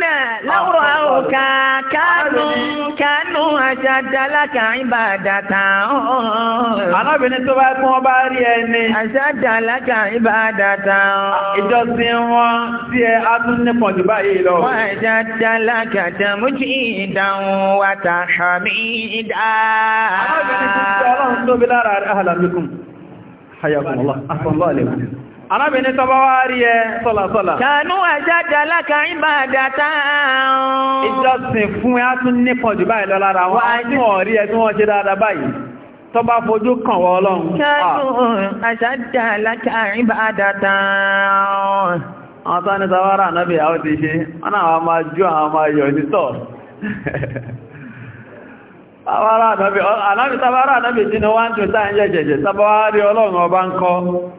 náà láwùrọ̀ ah, àwòká kánú kánú àjàdálàkà ìbàdàtà ọ̀hún. alábìnrin tó bá kí wọ́n bá rí ẹni. àjàdálàkà ìbàdàtà ọ̀hún. Ah, ìjọsìn wọn sí ẹ adún nípa jù báyìí lọ. wọ́n àjàdálàkà tẹ̀mújì ìdáhùn wa tàhámì ìdá. alábìnrin tó ti ọlọ́run tóbi lára àhàlàmíkùn. hayakumullah asalamu alaykum. arábìnrin tọba wá rí ẹ sọ́làsọ́là ṣàánú àjájá láka ìbàdà táàrùn ìjọsìn fún ẹ́ tún nípọ̀ jù báyìí lọ ọrịa ẹ tí wọ́n ṣe dáadáa báyìí tọba fojú kàn wọ́ ọlọ́run àjájá ọ̀tọ́ náà àwọn ọba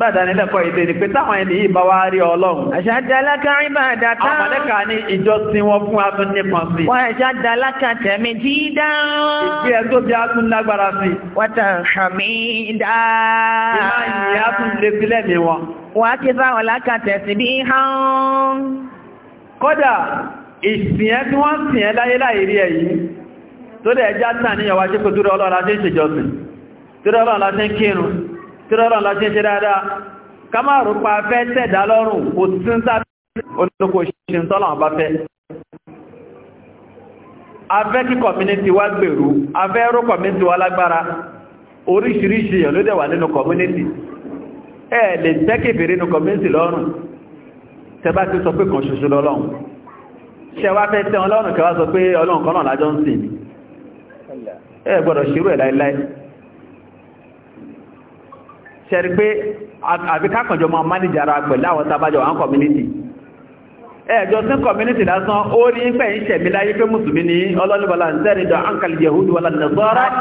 bádánilẹ́kọ̀ọ́ ìdè ni pé táwọn ẹni yìí bá wá rí ọlọ́run. àṣàdálákà ìbàdà ká. àwọn mọ̀lẹ́kà ní ìjọsìn wọn fún atún nípọn sí. wọ́n àṣàdálákà tẹ̀mí tí dáhùn. ìgbé ẹ tó bí atún lágbára sí. wọ́tà hàmí dá. ìmáyìí atún lè sílẹ̀ mi wọn. wọ́n á kí fáwọn lákàtẹ̀ sí bí hàn. kódà ìsìn ẹ tí wọ́n sìn ẹ láyé láì rí ẹ yìí tó dẹ̀ já tàn níyàwó aṣẹ́kọ̀ọ́ tó rọ ọlọ́run tírọ́rọ̀ lọ ṣe ṣe dáadáa ká máa rò pa fẹ́ tẹ̀dá lọ́rùn kò tún sábẹ́ olóko ṣe ń tọ́lọ̀ bá fẹ́ afẹ́ kí community wá gbèrú afẹ́ rú community wá lágbára oríṣiríṣi èèyàn ló dẹ̀ wà nínú community ẹ lè tẹ́kẹ̀bẹ̀rẹ̀ nínú community lọ́rùn tẹbá ti sọ pé kan ṣoṣo lọ́lọ́run ṣẹwá fẹ́ tẹ́ ọlọ́run kẹwàá sọ pé ọlọ́run kan náà lájọ́ ń sìn ẹ gbọ́dọ̀ ṣírò ẹ̀ láíláí ṣẹ̀rí pé àbí kákànjọ máa manage ara pẹ̀lú àwọn tàbájọ àwọn community ẹjọ́ sí community lásán ó rí pẹ̀ ń ṣẹ̀mí láyé pé mùsùlùmí ní ọlọ́nubọ̀lá ń tẹ́rì dọ̀ ánkàlì yehudi wọlá nẹ̀sọ́rọ̀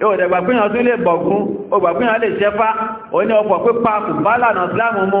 tàbí pínyàn tún lè bọ̀gún ọgbà pínyàn lè ṣẹ́fá òní pípa mú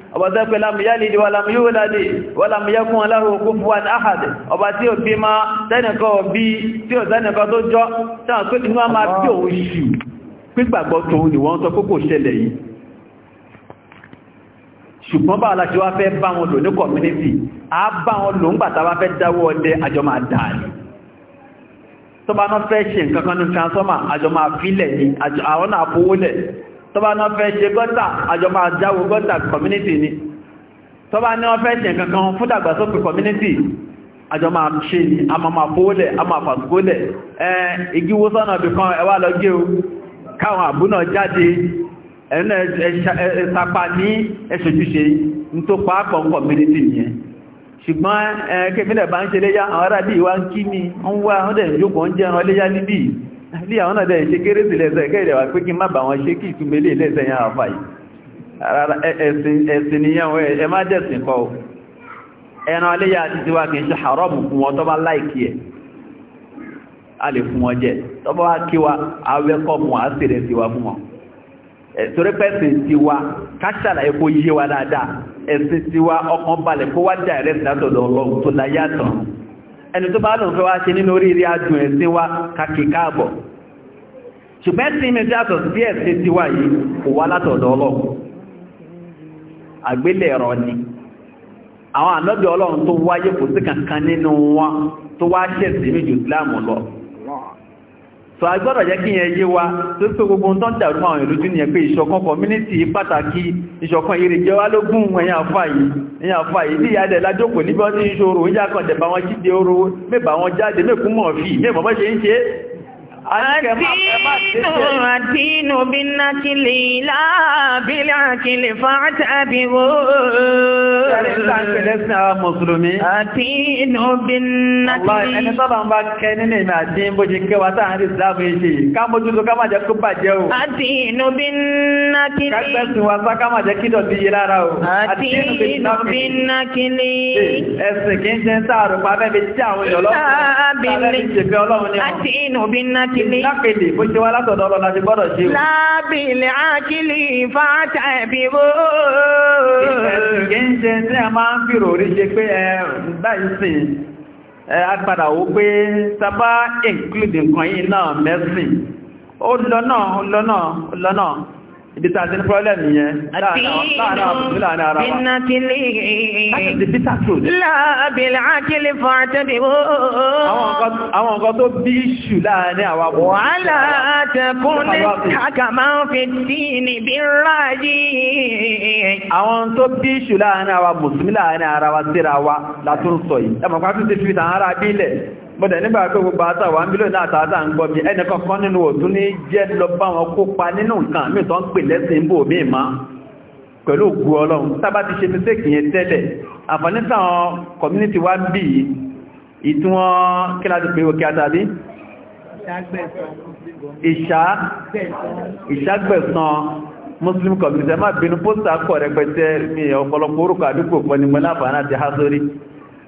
ọba tó pẹ̀lá mìyàlìdì wà lámì yóò ládì wà lámì yẹ́kùn aláhùn kú fún wọn áhàdì ọba tí ò bí máa tẹ́nìkọ́ bí tí ò tẹ́nìkọ́ tó jọ tán pé inú a máa bí òun ṣù pígbàgbọ́ tóun community a bá wọn lò ń gbàtà wá fẹ́ dáwọ́ ọdẹ àjọ máa dà ní tó bá ní transformer àjọ tọba náà fẹ́ ṣe gọ́tà àjọmà àjáwò gọ́tà community ni tọba ní wọ́n fẹ́ ṣe kankan fún community àjọmà ṣe ni a ma ma fóólẹ̀ a ma fàsíkólẹ̀ ẹ igiwo sọ́nà bí kan ẹwà lọ gé o káwọn àbúnà community yẹn ṣùgbọ́n ẹ̀kẹ́fẹ́lẹ̀ bá ń ṣe léyá àwọn ará bí ìwá ń kí bí àwọn náà dẹ̀ ṣe kéré sí lẹ́sẹ̀ kẹ́rẹ̀ wà pé kí má bà wọn ṣe kí ìtúmẹ́lẹ̀ lẹ́sẹ̀ yẹn àfà yìí rárá ẹ̀sìn níyàwó ẹ má jẹ́sìn kọ́ o ẹran aléyà àti tiwa kìí ṣe haram fún wọn tó láìkí ẹ̀ a lè fún wọn jẹ tó kí wa awẹ́kọ̀ fún wọn á sì wa fún wọn torí pẹ́sìn tiwa wa dáadáa ẹ̀sìn tiwa ọkàn balẹ̀ kó wá dà ẹni tó bá lòun fẹ́ wá ṣe nínú oríire adùn ẹ̀sìn wa kàkì káàbọ̀ ṣùgbọ́n tí mi jásọ̀ sí ẹ̀sìn ti wà yìí kò wá látọ̀dọ̀ ọlọ́run àgbélẹ̀rọ ni àwọn ànábì kankan nínú nwa to wá ṣẹ̀sìn méjì ìsìláàmù lọ so a gbọ́dọ̀ jẹ́ kí yẹn yé wa tó pé gbogbo tó ń dàrú àwọn ìlú jùnìyàn pé ìṣọ̀kan community pàtàkì ìṣọ̀kan èrè jẹ́ wá lógún ẹ̀yàn àfà yìí ẹ̀yàn àfà yìí ní ìyá dẹ̀ lájókò níbi wọ́n ti ń ṣòro ìyá kan dẹ̀bà wọn jíde oró mẹ́bà Àdínú bíná kí lè láàbílá kí lè fàátà bí ó. Àdínú bíná kí lè. Ẹni sọ́bà ń bá kẹ́ nínú ìmẹ̀ àdín bó ṣe kẹwa táàrí ìsìláàmù ìṣe. Ká mójú tó ká máa jẹ́ kó bàjẹ́ o. Àdínú bíná ní. bó ṣe wá látọ̀dọ̀ ọlọ́lá ti gbọ́dọ̀ ṣe o. Lábìlẹ̀ ákìlì fàtà ìbíwó. Ìgbẹ́ tí a máa ń fìrò orí ṣe pé ẹ agbada wo pé sábà include nǹkan yìí náà ó ó ibi tí a ti ní pọ́lẹ̀mù yẹn láàrin àwọn nǹkan tó bí ṣù láàrin àwọn àpò wàhálà tẹkún ní kàkàmá fi tó bí ṣù láàrin àwọn mùsùlùmí láàrin ara wa síra wa látún yìí ẹmọ̀pá tún ti fi tàn ara bílẹ̀ mọ́dẹ̀ nígbà pé gbogbo àtàwà ń bílò náà tààtà ń gbọ́ mi ẹni kankan nínú òtún ní jẹ́ lọ bá wọn kópa nínú nǹkan mí tán pè lẹ́sìn bò mí ma pẹ̀lú ògùn ọlọ́run tábà ti ṣe community wa ń bì ìtúwọ́n kíláàsì pé òkè àtàbí muslim community ẹ má bínú pósítà kọ̀ rẹpẹtẹ mi ọ̀pọ̀lọpọ̀ orúkọ àdúgbò pọ̀ ní mọ́lá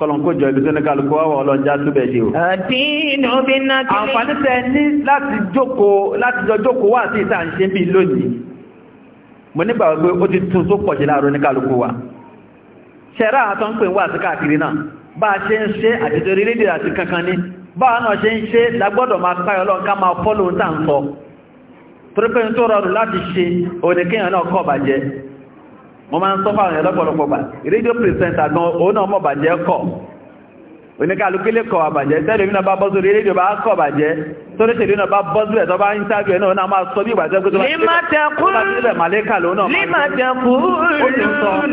kọlọ̀kójọ ìlú tó ní kálùkù wáwọ̀ ọlọ́njá túbẹ̀ dé o. àdínú bí náà kí ní. àǹfààní tẹ ní láti jókòó láti jọ jókòó wà sí ìta ń ṣe bí lónìí mo nígbà wípé ó ti tún tó pọ̀ sí láàárọ̀ ní kálùkù wa. ṣẹ̀rá àtọ́ ń pè wá sí mo máa ń sọ fáwọn èèyàn lọ́pọ̀lọpọ̀ gbà rédíò pírẹsẹ̀ntà gan òun náà mọ̀ bàjẹ́ kọ̀ oníkàlùkílé kọ̀ àbàjẹ́ tẹ́lẹ̀ ìrìnà bá bọ́sù rí rédíò bá kọ̀ bàjẹ́ tó tẹ̀lẹ̀ ìrìnà bá bọ́sù rẹ̀ tó ń sáàbì ẹ̀nà náà máa sọ bí ìgbàjẹ́ pé tó bá sílẹ̀ màlẹ́kà lónà máa ṣùgbọ́n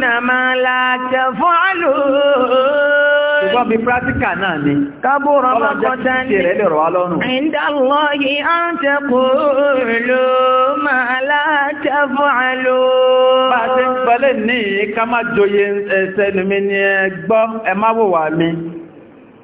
bí náà ni kábúrọ̀ mọ́kọta ní ìdálọ́yí máa látẹ́fọ́ àlò bá ti pẹ̀lẹ̀ ní ni ẹgbọ́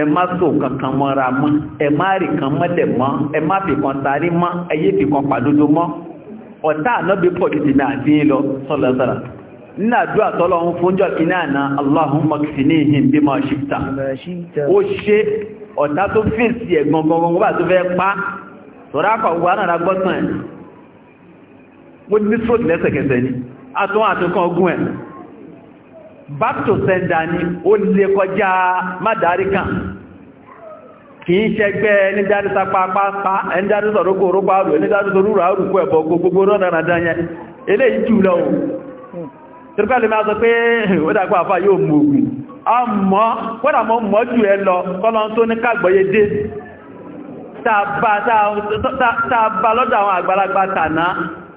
ẹ so kankan mọ́ra mọ́ ẹ rì kan mọ́lẹ̀ mọ́ ẹ má fi mọ́ ẹ yé pàdodo mọ́ ọ̀tá pọ̀ lọ nínú àdúrà tọ́lọ ń na Allahumma kfinihim bima shita ó ṣe ọ̀tá tó fèsì tó fẹ́ pa sọ̀rọ̀ náà ẹ̀ ní lẹ́sẹ̀kẹsẹ̀ ni a back to sender ni ó lè kọjá mádàrí kì í ṣẹgbẹ́ ní dárísá pápápá ẹni dárísá orókó orókó àrù ẹni dárísá orúrù àrùkú eléyìí jù lọ ogun kọ́nà mọ́ mọ́ jù ẹ lọ tó ní kàgbọ́yé dé tàbà lọ́dọ̀ àwọn àgbàlagbà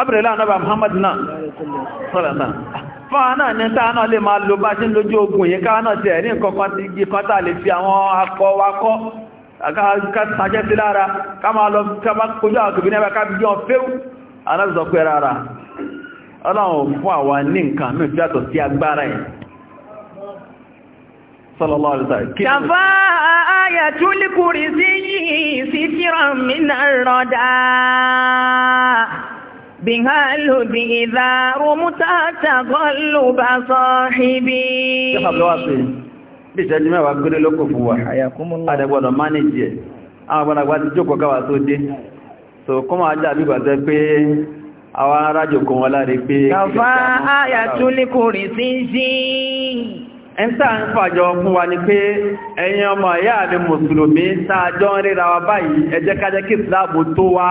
ọbìnrin láàrín Muhammad náà sọ́lọ̀sán fáwọn ní táà lè máa lo bá tí lójú ogun yìí káwọn náà ti ẹ̀rí nǹkan ti igi kan lè fi àwọn akọ wakọ́ lára ká máa lọ kojú àwọn kìbìnrin ẹbá kábí jọ sí agbára ẹ̀ sallallahu بها الهدي إذا رمت تقلب صاحبي bíṣẹ́jú mẹ́wàá gbé lókò fún wa àdẹ̀gbọ́dọ̀ mánìjì ẹ̀ àwọn agbọ́nagbà ti jókòó káwà tó dé so kọ́ máa jà bí gbàtẹ́ pé àwọn arájò kún wọ́n láre pé kàfà ayàtúlẹ́kò sí sí ń fàjọ fún wa ni pé ọmọ ìyá mùsùlùmí sáàjọ́ ríra wa báyìí tó wá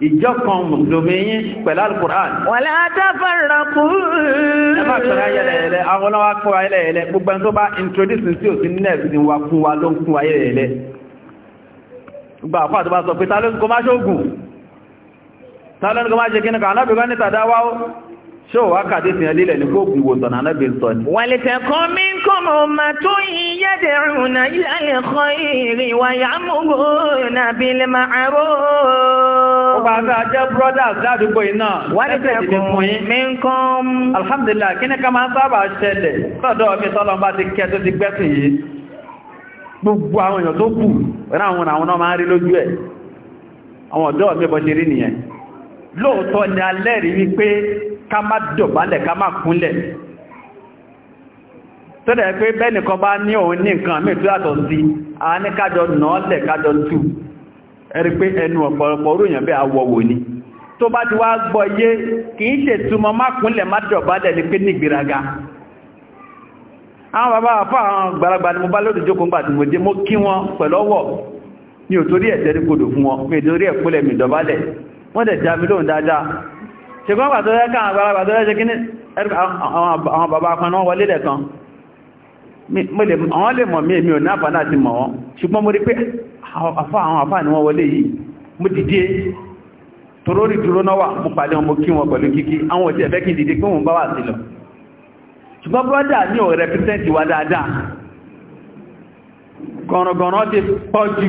ìjọ kan mùsùlùmí yín pẹ̀lú alukur'an. wàlá àtàfàrà kú. ẹ má pẹ̀lú ayẹlẹyẹlẹ àwọn ọlọ́wà kọ́ ayẹlẹyẹlẹ gbogbo ẹni tó bá introduce sí òsín nẹ́ẹ̀sì wa fún wa ló ń fún ayẹlẹyẹlẹ. gbogbo àpá àti bá sọ pé ta ló ń kọ́ máa ṣóògùn ta ló ń kọ́ máa ṣe kí ni kà ṣé ò wá kàdé fi hàn lílẹ̀ ní kó gbìwò tọ̀nà náà bí sọ ni. wàlìtẹ̀kọ́ mi ń kọ́ mọ̀ ọmọ tó yin yẹ́dẹ̀ rùnà ìlànà kan ìrìn wáyà múgbò nàbí lè máa rò. ó bá fẹ́ ajẹ́ brothers ládùúgbò yìí náà. wàlìtẹ̀kọ́ mi ń kọ́. alhamdulilayi kí ni ká máa ń sábà ṣẹlẹ̀ lọ́dọ̀ mi tọ́lọ́ bá ti kẹ́ tó ti gbẹ́sìn yìí. gbogbo àwọn èèyàn tó kù ráwọn àwọn náà máa ń rí lójú ẹ̀ lóòótọ́ ni alẹ́ rí wípé ká má dọ̀bálẹ̀ ká má kúnlẹ̀ tọ́lẹ̀ pé bẹ́nìkan bá ní òun ní nǹkan mí tó yàtọ̀ sí a ní kájọ nọ́ọ̀lẹ̀ kájọ tú ẹ̀rí pé ẹnu ọ̀pọ̀lọpọ̀ orúyàn bẹ́ awọ̀wò ni tó bá ti wá gbọ́ yé kìí ṣe túmọ̀ má kúnlẹ̀ má dọ̀bálẹ̀ ní pé nígbìraga àwọn bàbá àfá àwọn gbàragbà ni mo bá lórí jókòó gbà mo dé mo kí wọn pẹ̀lọ́wọ̀ ní òtórí ẹ̀tẹ́rí kodò fún wọn mi ìdórí ẹ̀kúnlẹ̀ mi dọ̀bálẹ̀ wọ́n dẹ̀ já mi lóhun dáadáa ṣùgbọ́n pàtó rẹ̀ káà àgbàlagbà tó rẹ̀ ṣe kí ní àwọn bàbá apaná wọlé lẹ́kan àwọn lè mọ̀ mí èmi ò ní àfà láti mọ̀ wọ́n ṣùgbọ́n mo rí pé àfà àwọn àfà ni wọ́n wọlé yìí mo dìde torórí dúró náà wà mo pàdé ọmọ kí wọn pẹ̀lú kíkí àwọn òtí ẹ̀fẹ́ kí dìde pé wọ́n bá wà sí lọ ṣùgbọ́n brọ́dà ní ò rẹpítẹ́ntì wa dáadáa gọ̀rọ̀gọ̀rọ̀ ti pọ̀ jù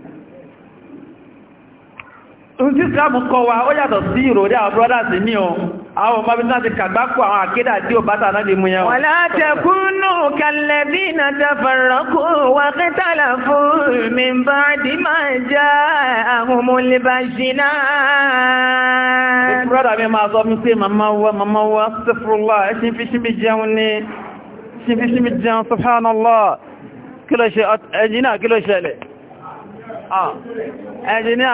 ohun tí islam kọ́ wa ó yàtọ̀ sí ìròrí àwọn brothers ní o àwọn ọmọ bí láti kàgbákò àwọn àkédà tí ó bátà náà lè mú yẹn wọ́n látẹkúnnù kàlẹ̀bí na tàfàràkù wà kẹtàlà fún mi bá dì máa já àwọn mọ̀lẹ́bà jìnà brother mi máa sọ mi pé màmá wa màmá wa sẹ́fúrúlá ẹ̀sìn fi síbi jẹun ní síbi síbi jẹun subhanallah kí ẹ̀jìnà kí ẹ̀jìnà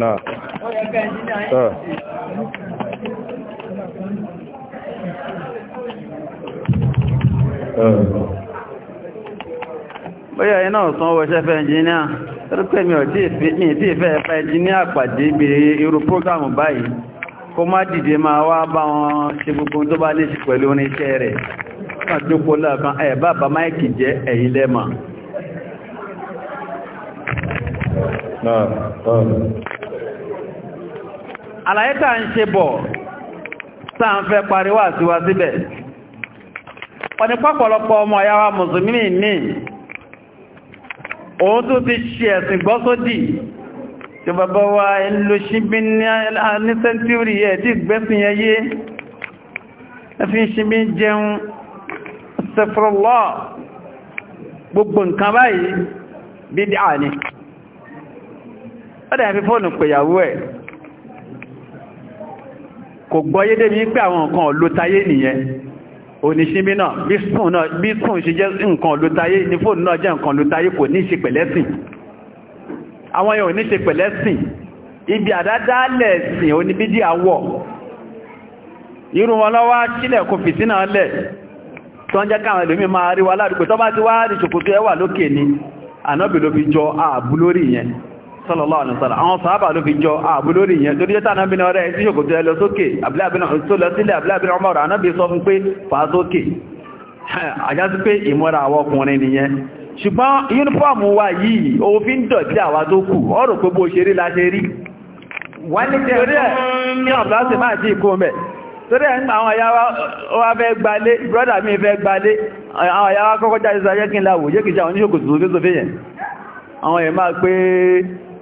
náà tọ́ bóyá iná ọ̀sán wọ́ṣẹ́ fẹ́ ẹnjìníà rípẹ́ mi ò tí ìfẹ́ ẹ̀fà ẹnjìníà pàdé ìbèrè irú prógámù báyìí kó má dìde máa wá bá wọn ṣe gbogbo tó bá ní ṣe pẹ̀lú oníṣẹ́ rẹ̀ àlàyé tà ń ṣe bọ̀ tà ń fẹ́ pariwá síwá síbẹ̀ ọ̀nì pọ̀pọ̀lọpọ̀ ọmọ ọ̀yá wa mùsùlùmí ní òun tó ti ṣe ẹ̀sìn gbọ́ sódì tí bàbá wa ló ṣí bí ní sẹ́ntúrì ẹ̀ tí gbẹ́sìn ẹyé ni ọ́dẹ̀ àfi fóònù pèyàwó ẹ̀ kò gbọ́yé débi pé àwọn nǹkan olótayé nìyẹn oníṣínbí náà bí spoon náà bí spoon ṣe jẹ́ nǹkan olótayé ní fóònù náà jẹ́ nǹkan olótayé kò ní ṣe pẹ̀lẹ́sìn àwọn yẹn ò ní ṣe pẹ̀lẹ́sìn ibi àdádálẹ̀ sìn oníbídí àwọ̀ irú wọn lọ́wọ́ sílẹ̀ kò fìtínà lẹ̀ tó ń jẹ́ káwọn ẹlòmí máa rí wa ládùúgbò tó bá ti wá rí ṣòkòtò ẹwà lókè ni ànábì ló fi jọ ààbú lórí yẹn sallallahu alaihi wasallam àwọn sàábà ló fi jọ ààbò lórí ìyẹn torí jẹ́ta náà bí náà rẹ̀ tí ṣòkò tó lọ sókè tó lọ sílẹ̀ abúlábìnà ọmọ ọ̀rọ̀ anábì sọ fún pé fà sókè àjásí pé ìmọ́ra àwọn ọkùnrin nìyẹn la ṣe rí torí ẹ̀yìn àwọn àyáwá wá fẹ́ gbalé brọ́dà mi fẹ́ gbalé àwọn àyáwá kọ́kọ́ jáde sọ ayẹ́kínláwò yẹ́kìjá oníṣòkòtò tó fẹ́ sọ fẹ́ yẹn àwọn ẹ̀ máa pé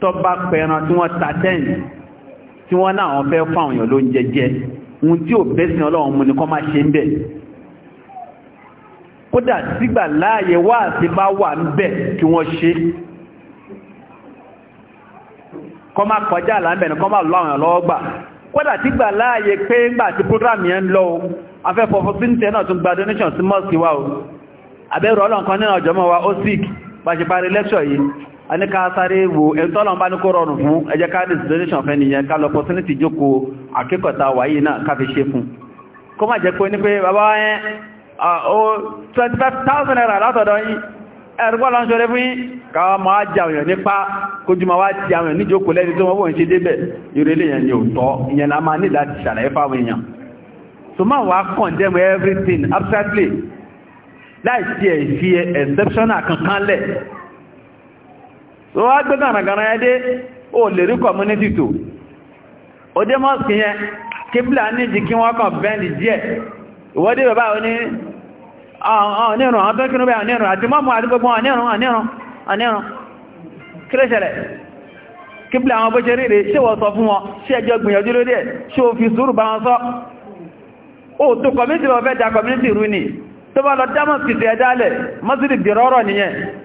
tó bá pẹran tí wọ́n ta tẹ́ǹtì tí wọ́n náà wọ́n fẹ́ fún àwọn èèyàn ló ń jẹjẹ ohun tí ò bẹ́sìn ọlọ́run mú ní kọ́ máa ṣe ń bẹ̀ kódà sígbà láàyè wá àti bá wà ń bẹ̀ kí wọ́n ṣe kọ́ máa kọjá àlàmbẹ̀ ní kọ́ máa lọ àwọn gbà kódà sígbà láàyè pé ńgbà tí program yẹn ń lọ afẹ́fọ́fọ́ sí ní tẹ́ tún gba donation sí mọ́ọ̀sì wa o àbẹ́rù ọlọ́nkan nínú ọjọ́ wa ó sick pàṣípàrí lẹ́kṣọ̀ yìí a ní ká sáré wo ẹ̀ntọ́lọ̀n bá ní kó rọrùn fún ẹjẹ́ ká ní donation fẹ́ nìyẹn ká lọ opportunity jókòó akẹ́kọ̀ọ́ta wáyé náà ká ṣe fún kó má jẹ́ pé ní pé bàbá yẹn o 25,000 naira látọ̀dọ̀ yín ẹ̀rùgbọ́ lọ ń ṣọ́rẹ́ fún yín ká máa jàwòyàn nípa kójú ma wá jàwòyàn níjókòó lẹ́ni tó wọ́n ni ò tọ́ ìyẹn la máa ní láti everything absolutely láì sí ẹ̀ fi exceptional kankan lẹ̀ tó wá gbé gànàgànà ẹdé ó lè rí community tó ó dé mọ́sí yẹn kíblà níjì kí wọ́n kàn bẹ́ndì díẹ̀ ìwọ́dé bàbá oní ah, ah, ọ̀nìrùn àwọn tó kínú bẹ́ ọ̀nìrùn àti mọ́mù àti gbogbo ọ̀nìrùn ọ̀nìrùn ọ̀nìrùn kí ló ṣẹlẹ̀ kíblà àwọn bó ṣe ríre ṣe wọ́n sọ fún wọn ṣe ẹjọ́ gbìyànjú lórí ẹ̀ ṣe ò fi sùúrù bá wọn ni tó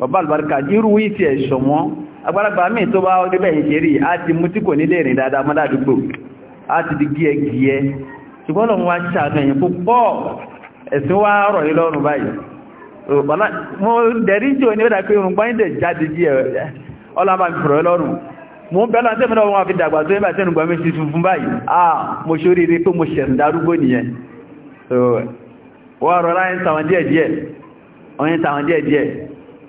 bàbá àlùbáríkà irú ìtì ẹ̀ṣọ̀wọ́n agbáragbà míì tó bá ọdún bẹ́ẹ̀ ṣe rí a ti mú tí kò nílé ìrìn dáadáa mọ́dádúgbò a ti di gíẹgíẹ ṣùgbọ́n lọ́wọ́ wá ṣàánú ẹ̀yìn púpọ̀ ẹ̀sìn wá rọ̀ yí lọ́rùn báyìí mo dẹ̀rí jò ní ọ̀dà mo ń fi dàgbà tó ẹgbà tẹ́nu gbàmí sí fún báyìí ah mo ṣe oríire pé mo ṣẹ̀rùn darúgbó nìyẹn wọ́n rọra ń tàwọn díẹ̀ díẹ̀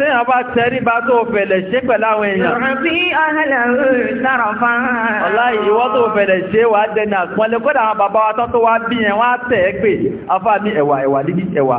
tí a bá tẹríba tó fẹ̀lẹ̀ ṣe pẹ̀lú àwọn èèyàn. Rọ̀bí ìwọ́ tó fẹ̀lẹ̀ ṣe wà dẹni àpọ́nlẹ̀ kọ́dà àwọn bàbá wa tán tó wá bí yẹn wọ́n á afá ní ẹ̀wà ẹ̀wà lígí ẹ̀wà.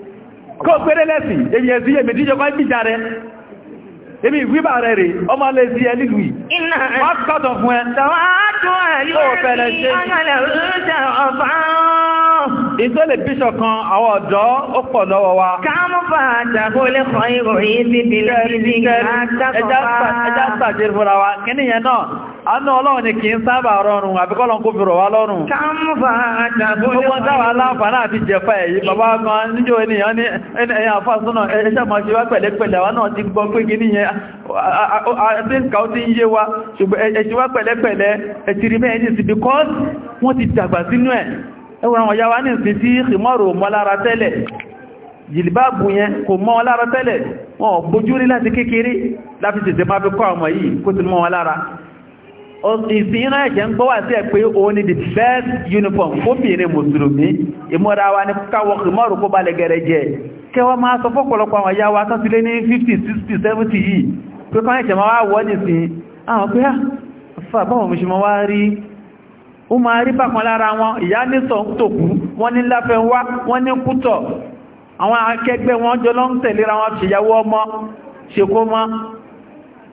kó péré lẹ́sì èmi ẹ̀sí èmi tíjọba ìbíjà rẹ̀ èmi ìwíbà rẹ̀ rẹ̀ ọmọ alẹ́ sí ẹ nílùú iná pàtàkì fún ẹ tàwátọ́ àlúwẹ̀ sí ọ̀nà ìrúta ọ̀fà ìtọ́lẹ̀ bíṣọ̀ kan àwọn ọ̀dọ́ ó pọ̀ lọ́wọ́ wa. káàmùfà àtàkó lè kọ́ ìròyìn bíbí lórí bí i àtàkọ̀fà. ẹjá pàdé fúnra wa kí Àánú ọlọ́run ni kì í sábà rọrùn àbíkọ́lọ́n kó fi rọ̀ wá lọ́rùn. Káàmùfà àtàbí ọjọ́ sábà láǹfààní àti jẹfà èyí bàbá kan níjọ́ ènìyàn ní ẹ̀yà fásúnà ẹ̀ṣẹ́ máa ṣe wá pẹ̀lẹ́pẹ̀lẹ́ àwọn náà ti gbọ́ pé gíní yẹn àti ń kàó tí ń yé wa ṣùgbọ́n ẹ̀ṣẹ́ wá pẹ̀lẹ́pẹ̀lẹ́ ẹ̀tìrí mẹ́ẹ̀ẹ́dìsì because wọ́n ti dàgbà sínú ẹ̀ ẹwọ́n àwọn yàwá ní ìsìn tí ìmọ̀rò mọ́lára tẹ́lẹ̀ jìlìbáàbù yẹn kò mọ́ wọn lára tẹ́lẹ̀ wọn ò gbójú rí láti kékeré láti tètè máa fi kọ́ ọmọ yìí kó ti mọ́ wọn lára ìsìnrìn ẹ̀jẹ̀ ń gbọ́ wà sí ẹ̀ òun ni the best uniform fóbìnrin mùsùlùmí ìmúra wa ní káwọ́ ìmọ̀rù kó balẹ̀ gẹ̀rẹ̀ jẹ́ kẹwàá máa sọ fọ́pọ̀lọpọ̀ àwọn ìyá wa tán ti lé ní 50 60 70 yìí pé kọ́ ẹ̀jẹ̀ máa wá wọ́ nìsín àwọn pé ah, àfà báwọn mo ṣe máa wá rí ó máa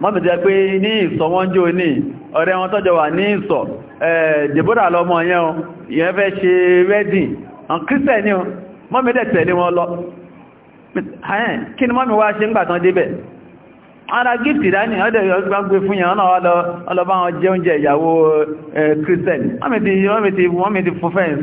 mọ́mí jẹ́ pé ní ìsọ̀ wọ́n jó ní ọ̀rẹ́ wọn tọ́jọ wà ní ìsọ̀ dìbòdà lọ́mọ yẹn o ìyẹn fẹ́ ṣe wedding ọ̀n kírísẹ̀ ní o mọ́mí dẹ̀ tẹ̀lé wọn lọ kí ni mọ́mí wá ṣe ń gbàtán débẹ̀ ara gíftì dání ọdẹ̀ gbangbe fún yẹn ọ̀nà ọlọ́bá wọn jẹ oúnjẹ ìyàwó kírísẹ̀ mọ́mí ti fún fẹ́ǹsì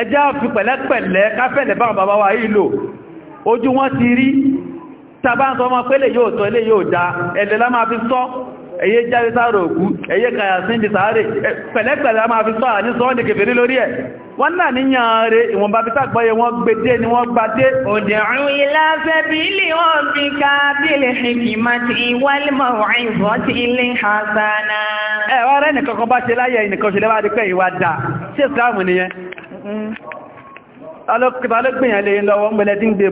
ẹjá fi pẹ̀lẹ́pẹ̀lẹ́ káfẹ́lẹ̀ báwọn bàbá wa yìí lò ojú wọn ti rí tàbá ń sọ ọmọ pẹ́lẹ̀ yóò tọ́ ilé yóò dá ẹ̀lẹ́lá máa fi sọ́ ẹ̀yẹ jáde sáàrò òkú ẹ̀yẹ kàyà sí ìdí sáàrè pẹ̀lẹ́pẹ̀lẹ́ a máa fi sọ́ àní sọ́ ní kèfèrí lórí ẹ̀ wọ́n náà níyàn rẹ̀ ìwọ̀nba fi tàgbọ́yẹ wọ́n gbẹ́dé ni wọ́n gbàdé òdìrún ilá fẹ́bílì wal maw'izati lil hasana ẹ̀wọ́n rẹ̀ nìkan kan bá ṣe láyẹ̀ nìkan ṣe lẹ́wàá dípẹ́ ìwà dà ṣe ìsìláàmù nìyẹn ta ló gbìyànlẹ̀ lọ́wọ́ ń gbẹ̀lẹ́ tí ń gbé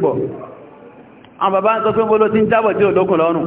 àwọn bàbá ń sọ pé mo ló ti ń jábọ̀ tí ò lókùn lọ́rùn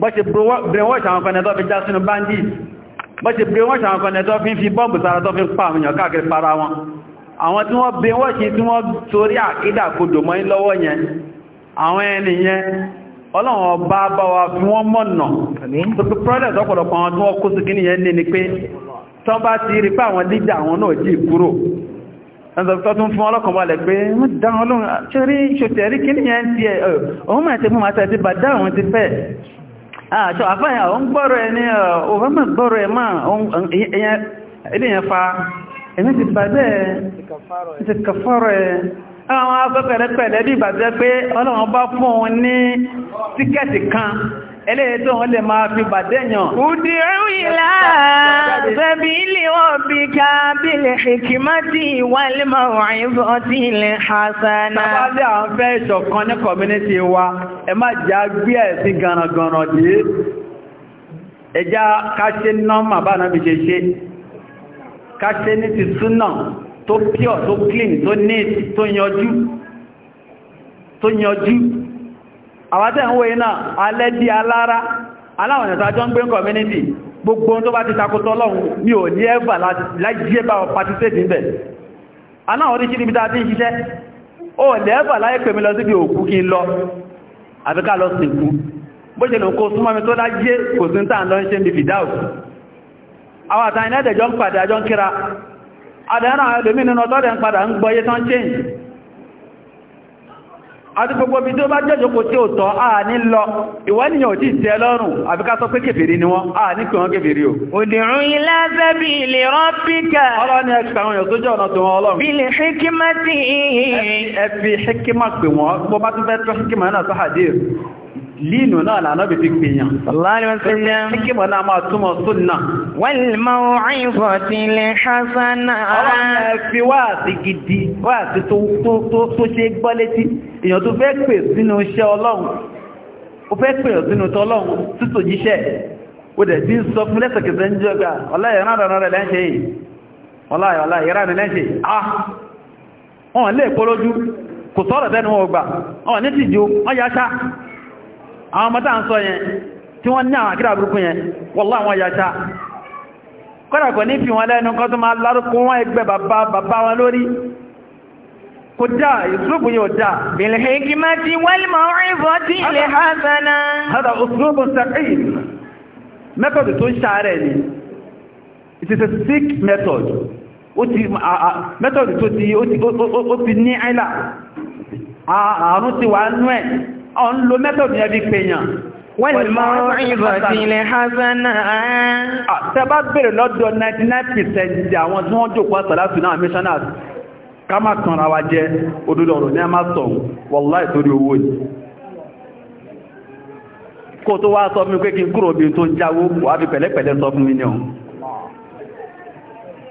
bọ́ ṣe brainwash àwọn kan ẹ̀tọ́ fi já sínú bandit bọ́ ṣe brainwash àwọn kan ẹ̀tọ́ fi ń fi bọ́m̀bù sára tó fi ń pa àwọn èèyàn káàkiri para wọn àwọn tí wọ́n brainwash tí wọ́n torí àkídà kodò mọ́ lọ́wọ́ yẹn àwọn ẹni yẹn ọlọ́run ọba bá wa fi wọ́n mọ̀nà tó fi product ọ̀pọ̀lọpọ̀ àwọn tí wọ́n kó sí kíní yẹn ni pé tọ́ bá ti rí pé àwọn dídà àwọn náà jì kúrò ẹ̀sọ̀tọ́ tún fún ọlọ́kàn balẹ̀ pé wọ́n dá ọlọ́run ṣe rí ṣòtẹ̀rí kíní yẹn ti ẹ̀ ọ̀hún mẹ́ẹ̀tẹ́ fún màtẹ́ ti bà dá àwọn ti fẹ́ àṣọ àfáyà ó ń gbọ́rọ̀ ẹ ní ọ̀fẹ́mọ̀ gbọ́rọ̀ ẹ máa iléyàn fa ẹ̀mí ti bàjẹ́ ti kàfàrọ̀ ẹ àwọn afẹ́fẹ́rẹ́pẹ̀lẹ́ bí ìbàjẹ́ pé ọlọ́wọ́n bá fún kan eléyìí tó wọ́n lè máa fi bàdéyàn. Ùdí ìrìnlá bẹ̀bí ilé ọ̀bí ká bí lè hikimati wà lè máa wọ̀nyí bọ́ tí ilẹ̀ hasana. Tàbálẹ̀ àwọn fẹ́ ìṣọ̀kan ní kọ̀mínítì wa, ẹ má jẹ́ gbé ẹ̀sìn gànàgànà dé. Ẹjá káṣe nọ́mà bá náà fi ṣe ṣe. Káṣe ní ti súnà tó pure, tó clean, tó neat, tó yanjú. Tó yanjú. àwátẹ̀ ń wé iná alẹ́ di alára aláwọn ìtajọ́ ń community gbogbo tó bá ti takótọ́ ò ní ẹ́bà ẹgbà bá participate níbẹ̀ aláwọn oríṣìí níbi tàbí ìṣiṣẹ́ ó lẹ́ẹ̀bà láyé pèmí lọ síbi òkú kí lọ àbíká lọ bó ṣe kó súnmọ́ mi tó àti gbogbo bí tí ó bá jẹ́jọ́kò tí ó tọ́ àà ní lọ ìwọ́nìyàn òjì tẹ́ lọ́rùn àbí ká sọ pé kèfèrí ni wọ́n àà ní pẹ̀wọ́n kèfèrí o. Ud'u ila sabili rabbika. ọlọ́run ni ẹ̀kà àwọn líìnù na lànà na ti gbìyàn. Ṣíkìmọ̀ náà máa túmọ̀ súnnà. na mawizati l-hasana. Ọlọ́run fi wáàsí gidi, wáàsí tó ṣe gbọ́ létí. Èèyàn tó fẹ́ pè sínú iṣẹ́ Ọlọ́run. Ó fẹ́ pè sínú tọ́lọ́run títò jíṣẹ́. Ó dẹ̀ ti ń sọ fún lẹ́sẹ̀kẹsẹ̀ ń jọ gbà. Ọláyọ̀ náà rọrọ rẹ̀ lẹ́ṣẹ̀ yìí. Ọláyọ̀ ọláyọ̀ rẹ̀ lẹ́ṣẹ̀ yìí. Ah! Wọ́n lè àwọn mọ́ta ń sọ yẹn tí wọ́n ní àwọn àkídà burúkú yẹn wallahi àwọn yàtá kọ́dà kò ní fi wọn lẹ́nu kọ́ tó máa lárúkú wọn ẹgbẹ́ bàbá bàbá wọn lórí kò dá ìsúrùbù yóò dá bil hikmati wal maw'izati al hasana hada uslubu saqim method tó ṣàárẹ̀ ni it is a sick method method tó ti ní ti wà nú ẹ̀ ọ̀n lo mẹ́tọ̀dù yẹn bí pèèyàn Wẹ́lmọ̀rìnbọ̀tílẹ̀ Hazana. Tẹ bá bèèrè lọ́dọ̀ 99% àwọn tí wọ́n jòkó àtàlátù náà missionaries ká má tanra wa jẹ́ òdodo ọ̀rọ̀ ní a má sọ wọ́lá ìtorí owó yìí. Kó tó wá sọ fún mi pé kí n kúrò bí tó jáwó wà á fi pẹ̀lẹ́pẹ̀lẹ́ sọ fún mi ní ọ̀hún.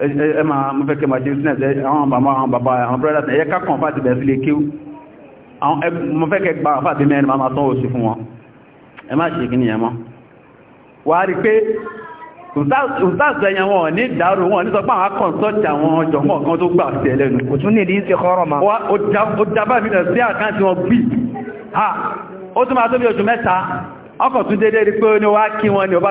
ẹ máa mú fẹ́ kẹ máa ṣe business àwọn bàbá àwọn bàbá àwọn brothers ẹ̀yẹ kákan fàtí bẹ̀rẹ̀ sí lè kíw mú fẹ́ kẹ gba fàtí mẹ́rin máa tán oṣù fún wọn ẹ má ṣe kíní ẹmọ́ wà á rí pé ìsáàsù ẹ̀yàn wọn ní ìdárò wọn ní sọ pé àwọn akọ̀ǹtọ́jà àwọn ọjọ̀mọ́ kan tó gbà sí ẹlẹ́nu kò tún nìdí ṣe kọ́rọ̀ ma ó dábà mí lọ sí àkáǹtì wọn bí ha ó tún máa tó bí oṣù mẹ́ta ọkọ̀ tún dédé rí pé ó ní wá kí wọn ni ọba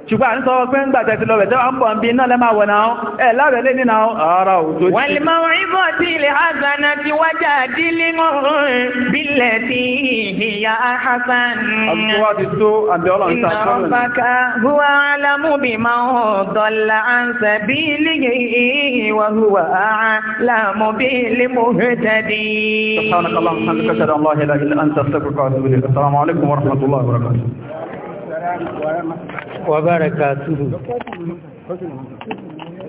ṣùgbọ́n à ń sọ pé ń gbà tẹ̀sí lọ́wẹ̀ tẹ́wà ń bọ̀ ń bí iná lẹ́mà wọ̀ náà ẹ̀ láwẹ̀ lé nínú ọ̀rọ̀ òjò jù. wàlìmọ̀ ìbọ̀ tí ilẹ̀ hasana ti wájà dí bílẹ̀ tí ìyá hasan. àbúkú wa tó àbí ọlọ́run ta sọ́run. iná bàkà huwa alamu máa ń dọ̀là ànsẹ̀ bí líyìí wà huwa alamu bí hẹ́tẹ̀dì. سبحانك اللهم وبحمدك اشهد ان لا وبركاته